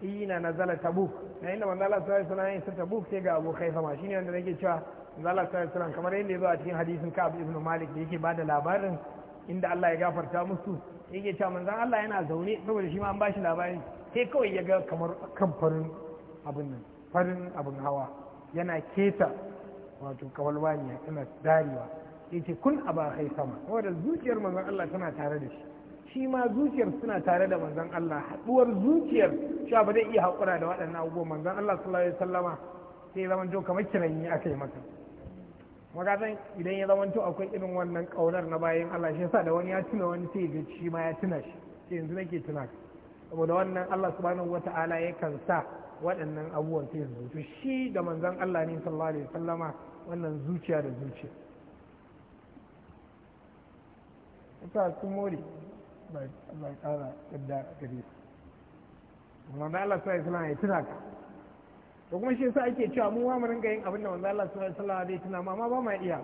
A: hina nazala tabuk na inda manzala sallallahu alaihi wasallam ya isa tabuk sai ga abokai sama shine wanda nake cewa zala sallallahu alaihi kamar yadda ya zo a cikin hadisin ka'ab ibn malik da yake ba da labarin inda Allah ya gafarta musu yake cewa manzon Allah yana zaune saboda shi ma an bashi labari sai kawai ya ga kamar kan farin abin nan farin abin hawa yana keta wato kawalwaniya yana darewa yace kun aba kai sama saboda zuciyar manzon Allah tana tare da shi shi ma zuciyar suna tare da manzon Allah haduwar zuciyar cewa ba zai iya haƙura da waɗannan abubuwan manzon Allah sallallahu alaihi wasallama sai zaman jo kamar kiran yi aka yi masa magazin idan ya to akwai irin wannan kaunar na bayan Allah shi yasa da wani ya tuna wani sai ga shi ma ya tuna shi sai yanzu nake tuna saboda wannan Allah subhanahu wata'ala yakan sa waɗannan abubuwan sai yanzu to shi da manzon Allah ne sallallahu alaihi wasallama wannan zuciya da zuciya ita sun more ba ba ƙara da gare su manzon Allah sai ya tuna ka to kuma shi yasa ake cewa mu mu ringa yin abin da manzo Allah sallallahu alaihi wasallam tuna amma ba ma iya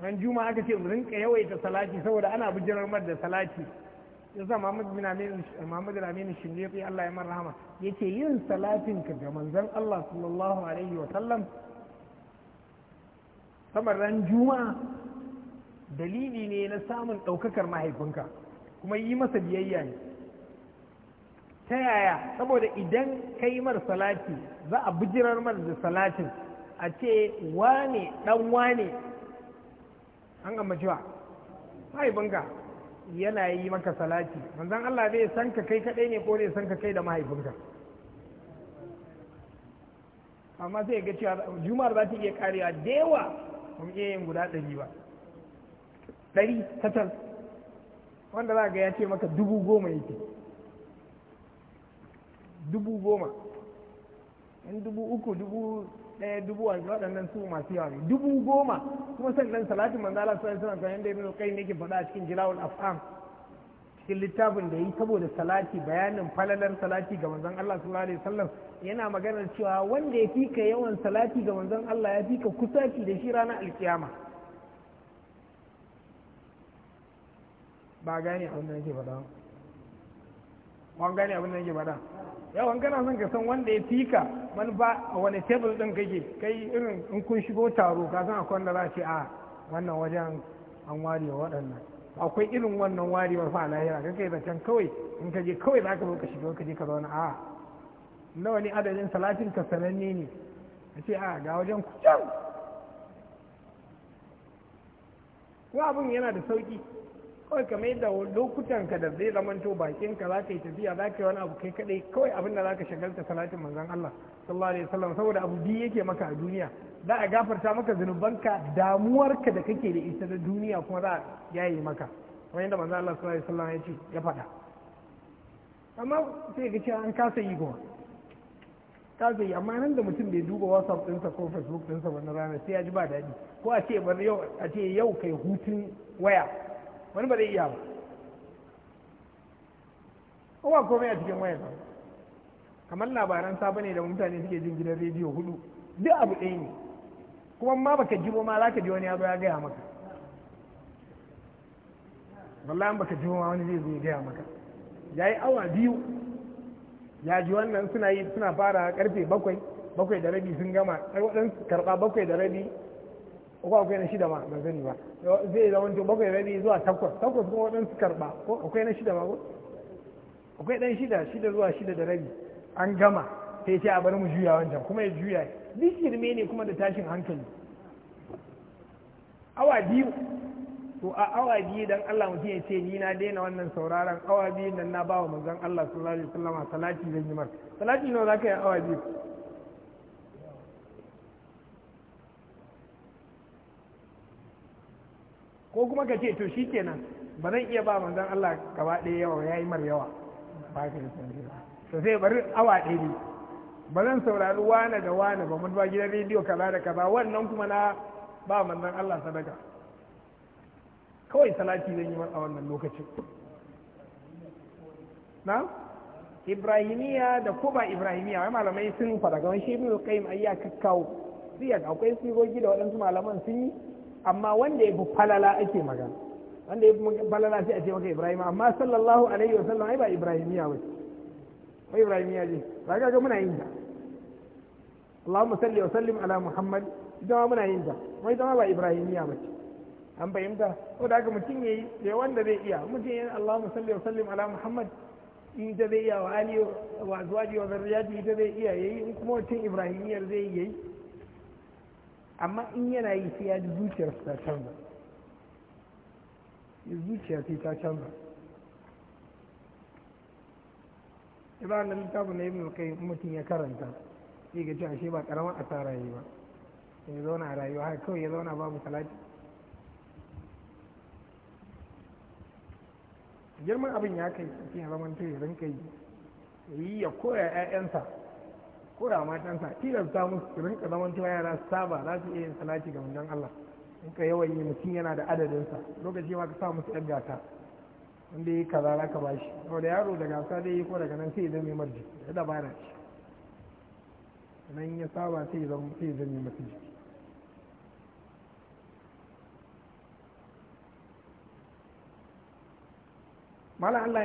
A: ran juma'a aka ce mu ringa yawaita salati saboda ana bujirar mar da salati yasa Muhammad bin Amin Muhammad bin Amin ya Allah ya mar rahama yace yin salatin ka ga manzon Allah sallallahu alaihi wasallam kamar ran juma'a dalili ne na samun daukakar mahaifinka kuma yi masa biyayya ne ta yaya saboda idan ka yi mar salati za a bijirar mar da salatin a ce wane dan wane an gama cewa mahaifinka yana yi maka salati manzan Allah zai san ka kai kaɗai ne ko ne san ka kai da mahaifinka amma sai ga cewa juma'ar za ta iya karewa da yawa ba iya yin guda ɗari ba ɗari tatal wanda za ga ya ce maka dubu goma yake dubu goma in dubu uku dubu ɗaya dubu a waɗannan su masu yawa ne dubu goma kuma sannan salatin manzala sallallahu alaihi wasallam yanda kai ne yake faɗa a cikin jilawul afham cikin littafin da yi saboda salati bayanin falalar salati ga manzon Allah sallallahu alaihi wasallam yana maganar cewa wanda ya fika yawan salati ga manzon Allah ya fika kusaci da shi ranar alkiyama ba gane abin da nake faɗa ba gane abin da nake faɗa yawan kana son ka san wanda ya fi ka manufa a wani tebul ɗin kake kai irin in kun shigo taro ka san akwai wanda za ce a ah, wannan wajen an ware waɗannan akwai irin wannan warewar fa lahira ka kai zaton kawai in ka je kawai za ka zo ka shiga ka je ka zauna a ah, nawa ne adadin salatin ka sananne ne a ce a ah, ga wajen ku can ko abin yana da sauki kawai kamar yadda lokutan ka da zai to bakin ka zaka yi tafiya zaka yi wani abu kai kadai kawai abin da zaka shagalta salatin manzon Allah sallallahu alaihi wasallam saboda abu biyu yake maka a duniya za a gafarta maka zunubanka damuwarka da kake da ita da duniya kuma za a yaye maka kamar yadda manzon Allah sallallahu alaihi wasallam ya ce ya faɗa amma sai ga cewa an kasa yi kuma kasa yi amma nan da mutum bai duba whatsapp ɗinsa ko facebook ɗinsa wani rana sai ya ji ba daɗi ko a ce yau kai hutun waya wani ba zai iya ba kowa komai a cikin wayar kamar labaran safe ne da mutane suke jin gidan rediyo hudu duk abu ɗaya ne kuma ma baka jibo ma za ka ji wani ya zo ya gaya maka wallahi baka jibo ma wani zai zo ya gaya maka ya yi awa biyu ya ji wannan suna yi suna fara karfe bakwai bakwai da rabi sun gama waɗansu karɓa bakwai da rabi ko akwai na shida ma ban sani ba zai zama to bakwai rabi zuwa takwas takwas kuma waɗansu karɓa ko akwai na shida ma ko akwai ɗan shida shida zuwa shida da rabi an gama sai ce a bari mu juya wancan kuma ya juya duk me ne kuma da tashin hankali awa biyu to a awa biyu dan Allah mutum ya ce ni na daina wannan sauraron awa biyu nan na bawa manzon Allah sallallahu alaihi wasallam salati zan yi mar salati nawa zaka yi awa biyu ko kuma ka ce to shi kenan ba zan iya ba manzan Allah gaba ɗaya yawa ya yi mar yawa ba ka to sai bari awa ɗaya ne ba zan saurari wane da wane ba mun ba gidan rediyo kaza da kaza wannan kuma na ba manzan Allah sadaka kawai salati zan yi a wannan lokacin na ibrahimiya da ko ba ibrahimiya wai malamai sun faɗa kamar shi ibn qayyim ayya kakkawo sai akwai sigogi da waɗansu malaman sun yi amma wanda ya fi falala ake magana wanda ya fi falala sai a ce maka ibrahim amma sallallahu alaihi wa sallam ai ba ibrahimiya ba ko ibrahimiya ce ba ga muna yin ta Allahumma salli wa sallim ala Muhammad ita ma muna yin ta wai ita ma ba ibrahimiya ba an fahimta ko da haka mutum yayi da wanda zai iya mutum yayi Allahumma salli wa sallim ala Muhammad in ta zai iya wa ali wa azwaji wa zarriyati ita zai iya yayi in kuma mutum ibrahimiyar zai yi yi. amma in yana yi sai ya ji su ta canza zuciya sai ta canza ba na littafin na ibn kai mutum ya karanta sai ga cewa shi ba karamar asara yi ba ya zauna a rayuwa haka kawai ya zauna babu salati girman abin ya kai cikin ya zama to ya rinka yi ya koya 'ya'yansa kura ma ɗansa tilasta musu su rinka zaman cewa yara saba za su iya yin salati ga manzon Allah in ka yawan yi mutum yana da adadinsa lokaci ma ka sa musu ɗan gasa wanda ya kaza za ka bashi da yaro da gasa zai yi ko daga nan sai ya zama marji ya dabara shi nan ya saba sai ya zama sai ya zama masa jiki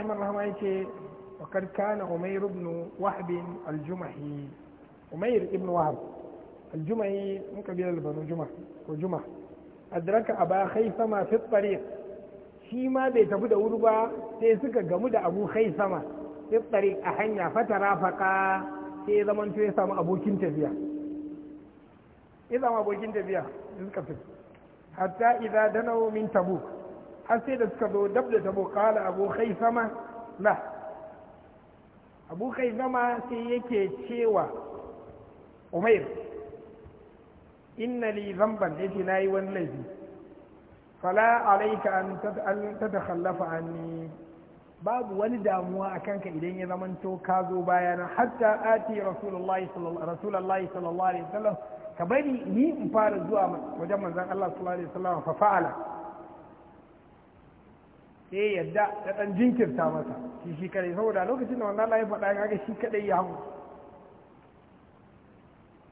A: malam ya ce yake وقد كان عمير بن وهب الجمحي umair ibn wahab Aljumai jumai mun kabilar banu juma ko juma adraka aba khaisama fi tariq shi ma bai tafi da wuri ba sai suka gamu da abu khaisama fi tariq a hanya fatara faqa sai zaman ya samu abokin tafiya ya samu abokin tafiya suka fi hatta idza danaw min tabuk har sai da suka zo dab da tabuk kala abu khaisama la abu khaisama sai yake cewa umair inna li zamban na yi wani laifi fala alaika an tatakhallafa anni babu wani damuwa a kanka idan ya zamanto ka zo bayana hatta ati rasulallah sallallahu alaihi wasallam ka bari ni in fara zuwa wajen manzon Allah sallallahu alaihi wasallam fa fa'ala sai yadda da dan jinkirta masa shi shi kare saboda lokacin da wannan Allah ya faɗa kaga shi kadai ya hawo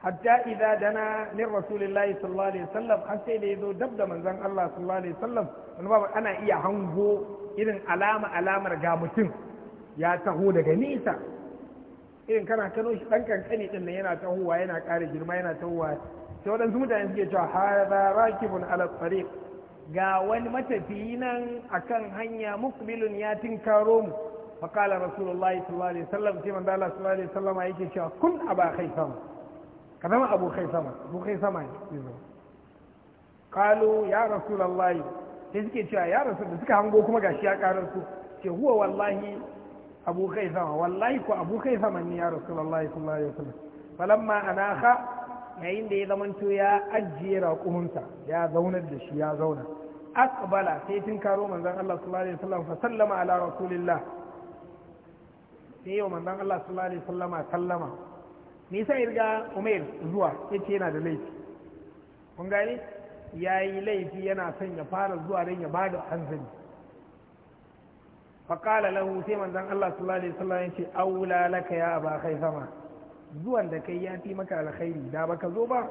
A: hatta idza dana min rasulillahi sallallahu alaihi wasallam har sai da yazo dab da manzan Allah sallallahu alaihi wasallam wani babu ana iya hango irin alama alamar ga mutum ya taho daga nisa irin kana kano shi dan kankani din nan yana tahowa yana ƙara girma yana tahowa sai waɗansu mutane suke cewa hadha rakibun ala tariq ga wani matafiyi nan akan hanya mukbilun ya tinkaro mu fa qala rasulullahi alaihi wasallam sai manzo Allah sallallahu alaihi wasallam yake cewa kun aba khaifam ka zama abokai sama abokai sama ne kalu ya rasulullahi sai suke cewa ya rasul da suka hango kuma gashi ya karar su ce huwa wallahi abokai sama wallahi ko abokai sama ne ya rasulullahi sallallahu alaihi wasallam falamma anaha yayin da ya zamanto ya ajiye raƙumunsa ya zauna da shi ya zauna aqbala sai tun karo manzon Allah sallallahu alaihi wasallam fa sallama ala rasulillah sai yau manzon Allah sallallahu alaihi wasallama sallama nisan ya riga umair zuwa ya ce yana da laifi kun gani ya yi laifi yana son ya fara zuwa don ya bada hanzari faƙala lahu sai manzon Allah sallallahu alaihi wasallam ce aula laka ya aba sama zuwan da kai ya fi maka alkhairi da baka zo ba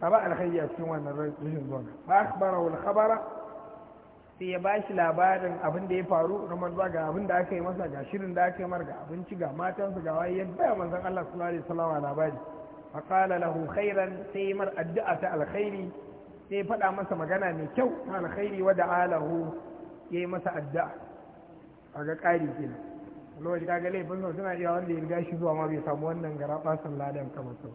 A: ba alkhairi a cikin wannan rashin zuwan ba akhbarahu wal khabara sai ya ba shi labarin abin da ya faru na zuwa ga abin da aka yi masa ga shirin da aka yi mar ga abinci ga matansa ga waye yadda ya manzan Allah sallallahu alaihi wasallam labari a kala lahu khairan sai mar addu'a ta alkhairi sai faɗa masa magana mai kyau ta alkhairi wa ya yi masa addu'a A ga ƙari kenan lokaci kaga laifin sau suna iya wanda ya riga shi zuwa ma bai samu wannan garaɓasan ladan kamar sau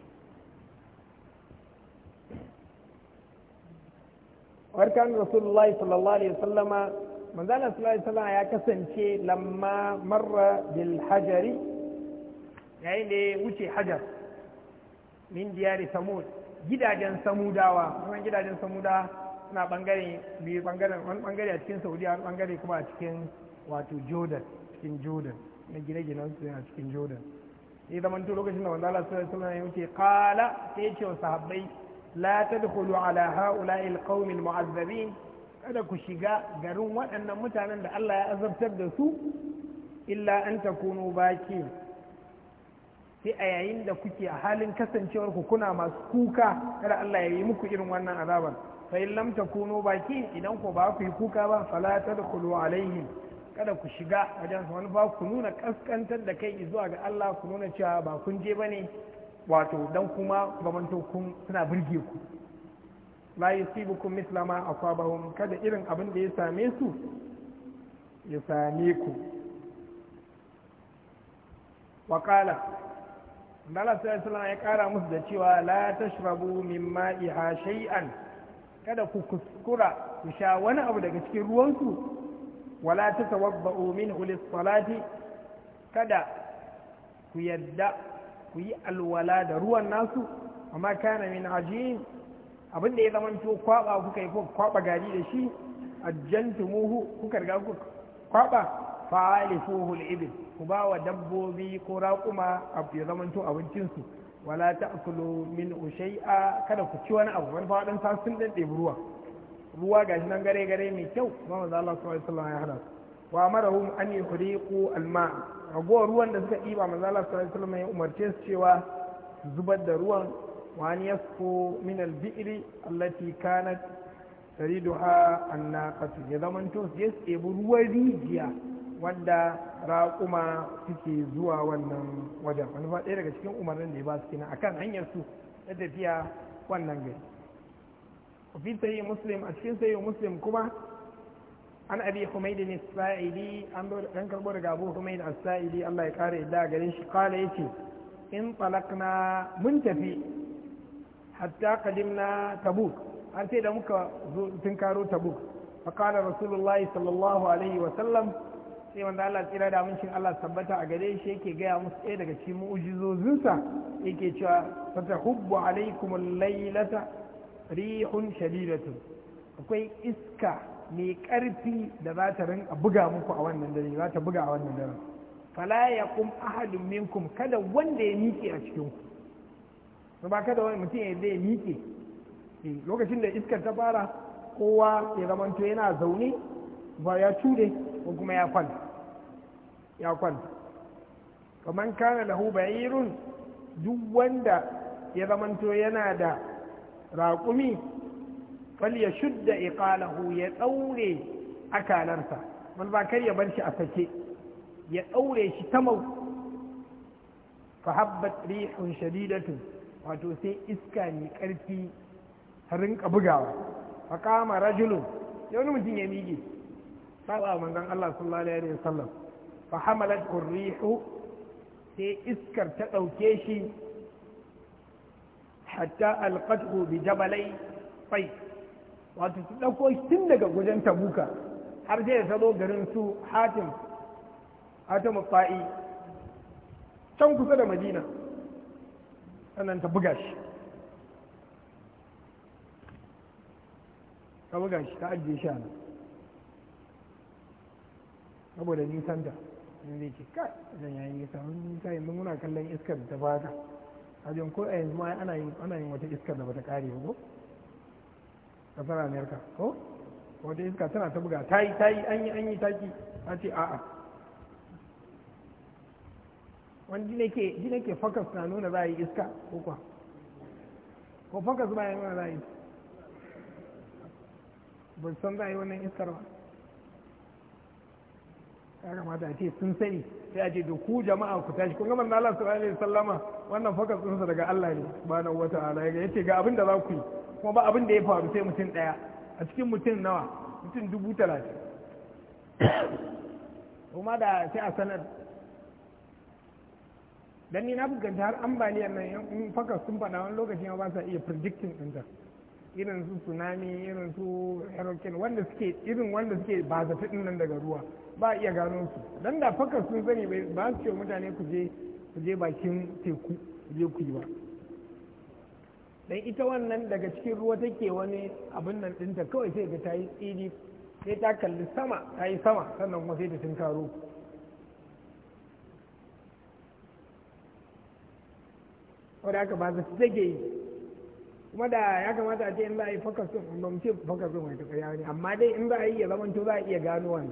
A: warkan rasulullahi sallallahu alaihi wasallama manzana sallallahu alaihi wasallama ya kasance lamma marra bil hajari yayin da ya wuce hajar min diyari samud gidajen samudawa wannan gidajen samudawa suna bangare biyu bangaren wani bangare a cikin saudiya wani bangare kuma a cikin wato jordan cikin jordan na gine-ginen su a cikin jordan sai zaman to lokacin da manzana sallallahu alaihi wasallama ya wuce kala sai ya ce wa sahabbai la tadkhulu ala ha'ula'i alqawmi almu'azzabin kada ku shiga garin waɗannan mutanen da Allah ya azabtar da su illa an takunu baki sai a yayin da kuke a halin kasancewar ku kuna masu kuka kada Allah ya yi muku irin wannan azabar fa in lam takunu baki idan ku ba ku yi kuka ba fala tadkhulu alaihim kada ku shiga wajen su wani ba ku nuna kaskantar da kai zuwa ga Allah ku nuna cewa ba kun je bane wato dan kuma zamanto kun suna burge ku la yusibukum mithla ma asabahum kada irin abin da ya same su ya same ku wa qala Allah sallallahu ya kara musu da cewa la tashrabu min ma'iha shay'an kada ku kuskura ku sha wani abu daga cikin ruwansu wala tatawabba'u minhu lis-salati kada ku yadda ku yi alwala da ruwan nasu amma kana min ajin abin da ya to kwaba kuka yi kwaba gari da shi ajjantumuhu kuka riga ku kwaba fa'alifuhu al-ibil ku ba wa dabbobi ko raƙuma abu ya abincin abincinsu wala ta'kulu min shay'a kada ku ci wani abu wani fadan sun dan ruwa ruwa gashi nan gare gare mai kyau ba manzo Allah sallallahu alaihi wasallam ya hada wa amarahum an yuhriqu alma ragowar ruwan da suka ɗiba manzo Allah sallallahu alaihi ya umarce su cewa zubar da ruwan wa an yasfu min al-bi'ri allati kanat tariduha an-naqatu ya zamanto su je su ɗebi ruwan rijiya wanda raƙuma suke zuwa wannan wajen wani ba ɗaya daga cikin umarnin da ya ba su kenan akan hanyar su ta tafiya wannan gari fi sayi muslim a cikin sayi muslim kuma an abi humaid bin sa'idi an dan karbo daga abu humaid as Allah ya kara yadda garin shi kala yace in talakna mun tafi hatta qadimna tabuk har sai da muka zo tunkaro tabuk fa kana rasulullahi sallallahu alaihi wa sallam sai wanda Allah tsira da amincin Allah tabbata a gare shi yake gaya musu ɗaya daga cikin mu'ujizozinsa yake cewa fatahubbu alaikum laylata rihun shadidatun akwai iska mai ƙarfi da za ta rinka buga muku a wannan dare za ta buga a wannan dare fala ya kum ahadun minkum kada wanda ya miƙe a cikin ku ba kada wani mutum ya miƙe eh, lokacin da iskar ta fara kowa ya to yana zaune ba ya cude ko kuma ya kwanta ya kwanta kamar kana yi bayirun duk wanda ya zamanto yana da raƙumi fal ya shudda iqalahu ya daure akalarsa man ba kar ya bar shi a sake ya daure shi ta mau fa habbat rihun shadidatun wato sai iska ne karfi ta rinka bugawa fa kama rajulun ya wani mutum ya miƙe sawa manzon Allah sallallahu alaihi wasallam fa hamalat rihu sai iskar ta ɗauke shi hatta alqathu bi jabalai fai wato su ɗauko tun daga gudun tabuka har zai salo garin su hatim hatim fa'i can kusa da madina sannan ta buga shi ta buga shi ta ajiye shi ana saboda nisan da zai ce kai zan yayi nisa wani nisa yanzu muna kallon iskar da ta fata a ko a yanzu ma ana yin wata iskar da bata kare ba ko kasar amerika ko wata iska tana ta buga ta yi ta yi an yi an yi taki a ce a'a wani jina ke ji focus na nuna za a yi iska ko kwa ko focus ba ya nuna za a yi ban san za a yi wannan iskar ba ya kamata a ce sun sani sai a ce da ku jama'a ku tashi kun gama na Allah sallallahu alaihi wasallama wannan focus ɗinsa daga Allah ne ba na subhanahu ya yace ga abin da za ku yi kuma ba abin da ya faru sai mutum ɗaya a cikin mutum nawa mutum dubu talatin kuma da sai a sanar dan ni na fuskanci har ambaliyar nan in faka sun faɗa wani lokacin ba sa iya predicting ɗinta irin su tsunami irin su hurricane wanda suke irin wanda suke ba zafi ɗin nan daga ruwa ba iya gano su dan da faka sun sani ba su ce mutane ku je bakin teku ku je ku yi ba dan ita wannan daga cikin ruwa take wani abin nan dinta kawai sai ga tayi tsidi sai ta kalli sama ta yi sama sannan kuma sai ta tunkaro wadda aka ba su take yi kuma da ya kamata a ce in za a yi fakasun ba mu ce fakasun mai ta tsaya ne amma dai in za a yi ya to za a iya gano wani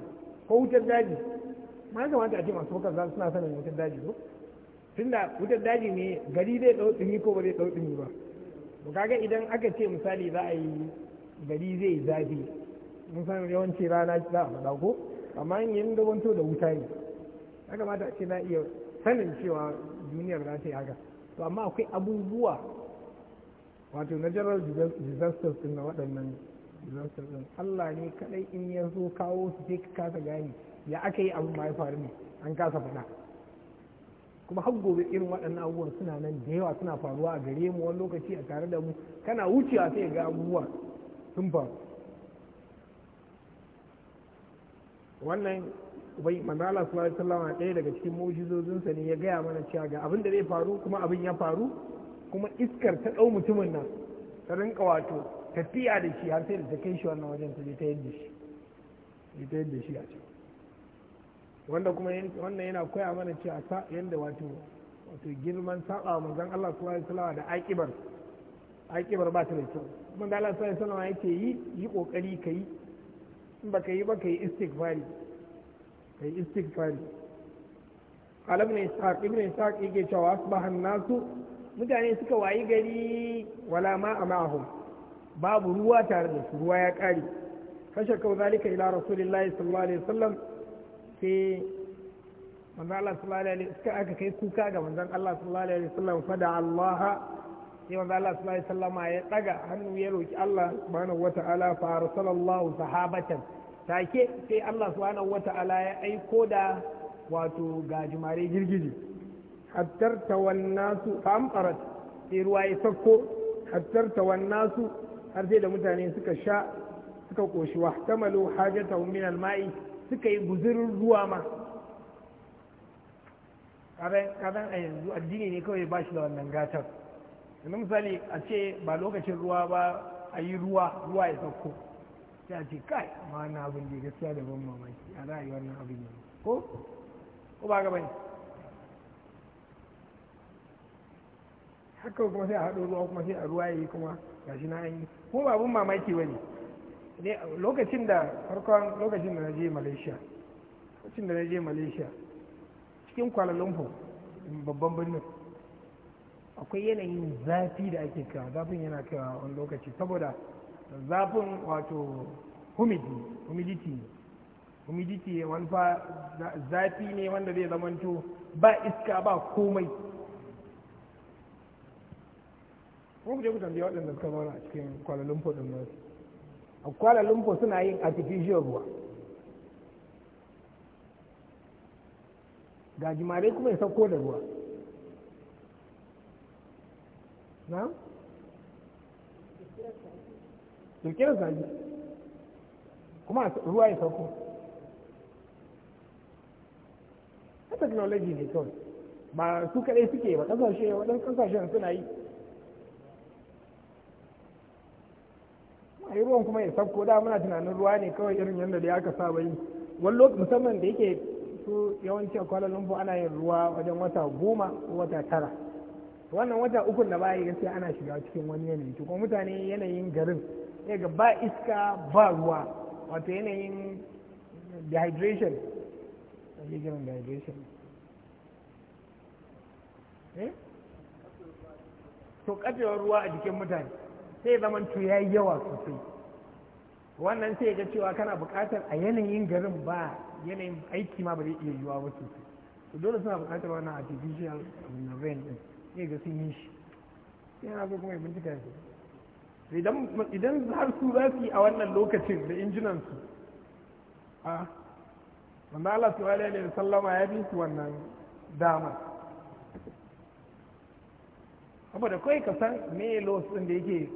A: ko wutar daji ma ya kamata a ce masu fakas za suna sanin wutar daji ko tunda wutar daji ne gari zai ɗau ɗumi ko ba zai ɗau ɗumi ba kaga idan aka ce misali za a yi gari zai zafi mun san yawanci rana za a faɗa ko amma in yin gabanto da wuta ne ya kamata ce na iya sanin cewa duniyar za ta yi haka to amma akwai abubuwa wato na jarar disasters din na waɗannan disasters din Allah ne kaɗai in ya zo kawo su sai ka kasa gani ya aka yi abu ma ya faru ne an kasa faɗa kuma har gobe irin waɗannan abubuwan suna nan da yawa suna faruwa a gare mu wani lokaci a tare da mu kana wucewa sai ga abubuwa sun faru wannan ubai manzala sallallahu alaihi ɗaya daga cikin sa ne ya gaya mana cewa ga abin da zai faru kuma abin ya faru kuma iskar ta ɗau mutumin nan ta rinka wato tafiya da shi har sai da ta kai shi wannan wajen ta je ta yadda shi ta yadda shi a cikin wanda kuma wannan yana koya mana cewa ta yanda wato wato girman saba manzon Allah sallallahu alaihi wasallam da aqibar aqibar ba ta da kyau kuma da Allah sallallahu alaihi yake yi yi kokari kai in baka yi ba kai istighfari kai istighfari قال ne إسحاق ابن إسحاق yake cewa asbahan nasu mutane suka wayi gari wala ma a babu ruwa tare da su ruwa ya ƙare kashe zalika ila rasulillahi sallallahu alaihi wasallam sai manzan Allah sallallahu alaihi wasallam aka kai kuka ga manzan Allah sallallahu alaihi wasallam fada Allah sai manzan Allah sallallahu alaihi wasallam ya daga hannu ya roki Allah subhanahu wata'ala fa arsalallahu sahabatan take sai Allah subhanahu wata'ala ya aiko da wato gajimare girgiji hattar tawannasu famfarat sai ruwa ya sako, hattar tawannasu har sai da mutane suka sha suka koshi wahtamalu hajatahum min al-ma'i suka yi guzurin ruwa ma kafin a yanzu addini ne kawai ba shi da wannan gatar yanzu misali a ce ba lokacin ruwa ba a yi ruwa ruwa ya sauko sai a ce kai ma wani abin da gaskiya da ban mamaki a ra'ayi wannan abin ne ko ko ba gaba ne haka kuma sai a haɗo ruwa kuma sai a ruwa ya yi kuma gashi na an yi ko ba abin mamaki ba ne lokacin da farkon lokacin da na je malaysia lokacin da na je malaysia cikin kuala lumpur babban birnin akwai yanayin zafi da ake kawo zafin yana kawo wani lokaci saboda zafin wato humidity humidity humidity wani fa zafi ne wanda zai zamanto ba iska ba komai kuma ku je ku waɗanda suka zauna a cikin kwalalin lumpur ɗin nasu a kwala lumpur suna yin artificial ruwa ga jimare kuma ya sauko da ruwa na? turkiyar zagi kuma ruwa ya sauko ta technology ne kawai ba su kaɗai suke ba ƙasashe waɗansu ƙasashen suna yi A yi ruwan kuma ya sauko da muna tunanin ruwa ne kawai irin yadda da aka saba yi wani musamman da yake su yawanci a kwallon lumbu ana yin ruwa wajen wata goma ko wata tara wannan wata ukun da baya gaskiya ana shiga cikin wani yanayi kuma mutane yanayin garin ya ga ba iska ba ruwa wato yanayin dehydration a dehydration eh? to kacewar ruwa a jikin mutane sai zaman to ya yi yawa sosai wannan sai ga cewa kana buƙatar a yanayin garin ba yanayin aiki ma ba zai iya yiwuwa ba sosai to dole suna buƙatar wannan artificial rain din sai ga sun yi shi yana zo kuma ya bincika shi idan har su za su yi a wannan lokacin da injinan su a wanda Allah ne da sallama ya fi su wannan damar saboda kai ka san me loss din da yake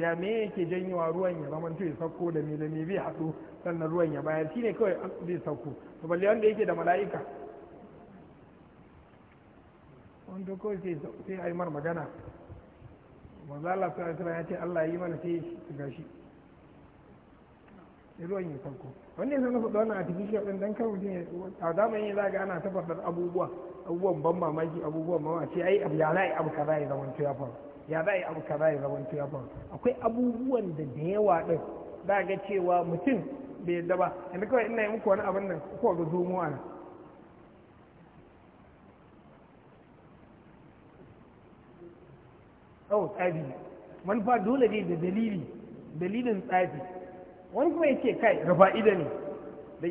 A: ya me yake janyewa ruwan ya zama to ya sauko da me da me bai haɗu sannan ruwan ya bayar shine kawai zai sauko to balle wanda yake da mala'ika wanda kawai sai sai ai mar magana manzo Allah sai sai ya ce Allah yi mana sai shi gashi ruwan ya sauko wanda ya zama su da wannan artificial din dan kawai a zamanin za ga ana tabbatar abubuwa abubuwan ban mamaki abubuwan mamaki ai ya za a yi abu kaza ya zama ya faru ya za a yi abu kaza ya zama ya faru akwai abubuwan da da yawa din za ga cewa mutum bai yadda ba yanzu kawai ina yi muku wani abin nan ko ga zomo a nan oh tsafi manufa dole ne da dalili dalilin tsafi wani kuma ya ce kai rufa ido ne da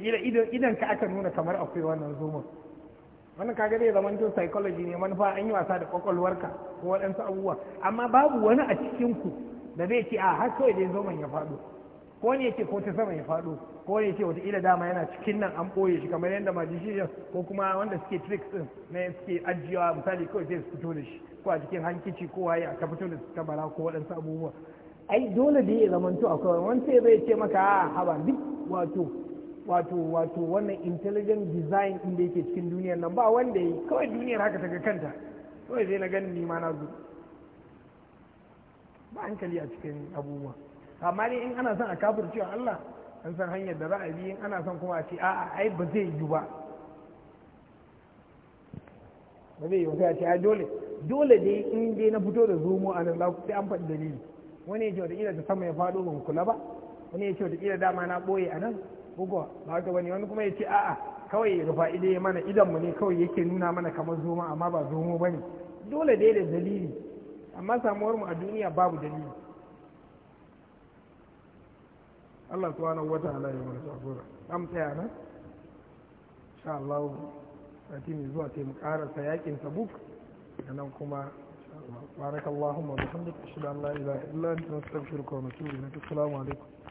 A: idan ka aka nuna kamar akwai wannan zomon wannan kaga zai zama tun psychology ne manufa an yi wasa da kwakwalwarka ko waɗansu abubuwa amma babu wani a cikin ku da zai ce a har kawai dai zoman ya faɗo ko ne yake ko ta sama ya faɗo ko ne ce ila dama yana cikin nan an ɓoye shi kamar yadda majishiyar ko kuma wanda suke tricks ɗin na suke ajiyewa misali kawai zai su fito da shi ko a cikin hankici ko waye a ta fito da ta bara ko waɗansu abubuwa ai dole dai ya zamanto akwai wani sai zai ce maka a haba duk wato wato wato wannan intelligent design din da yake cikin duniyar nan ba wanda yi kawai duniyar haka ta ga kanta kawai zai na ganin ma na zo ba hankali a cikin abubuwa amma ne in ana son a cewa Allah an san hanyar da ra'ayi in ana son kuma a ce a'a ai ba zai yi ba ba zai yi ba sai ce dole dole dai in dai na fito da zomo a nan za ku sai an faɗi dalili wani ya ce wata ta sama ya faɗo ban kula ba wani ya ce wata dama na ɓoye a nan bugun ba ta wani wani kuma ya ce a'a kawai rufa ido mana idan mu ne kawai yake nuna mana kamar zoma amma ba zomo ba ne dole dai da dalili amma samuwar mu a duniya babu dalili Allah wata ala ya mana tsakura am tsaya nan sha Allah sati mai zuwa sai mu karasa yakin tabuk da nan kuma بارك اللهم وبحمدك اشهد ان لا اله الا انت نستغفرك ونتوب اليك السلام عليكم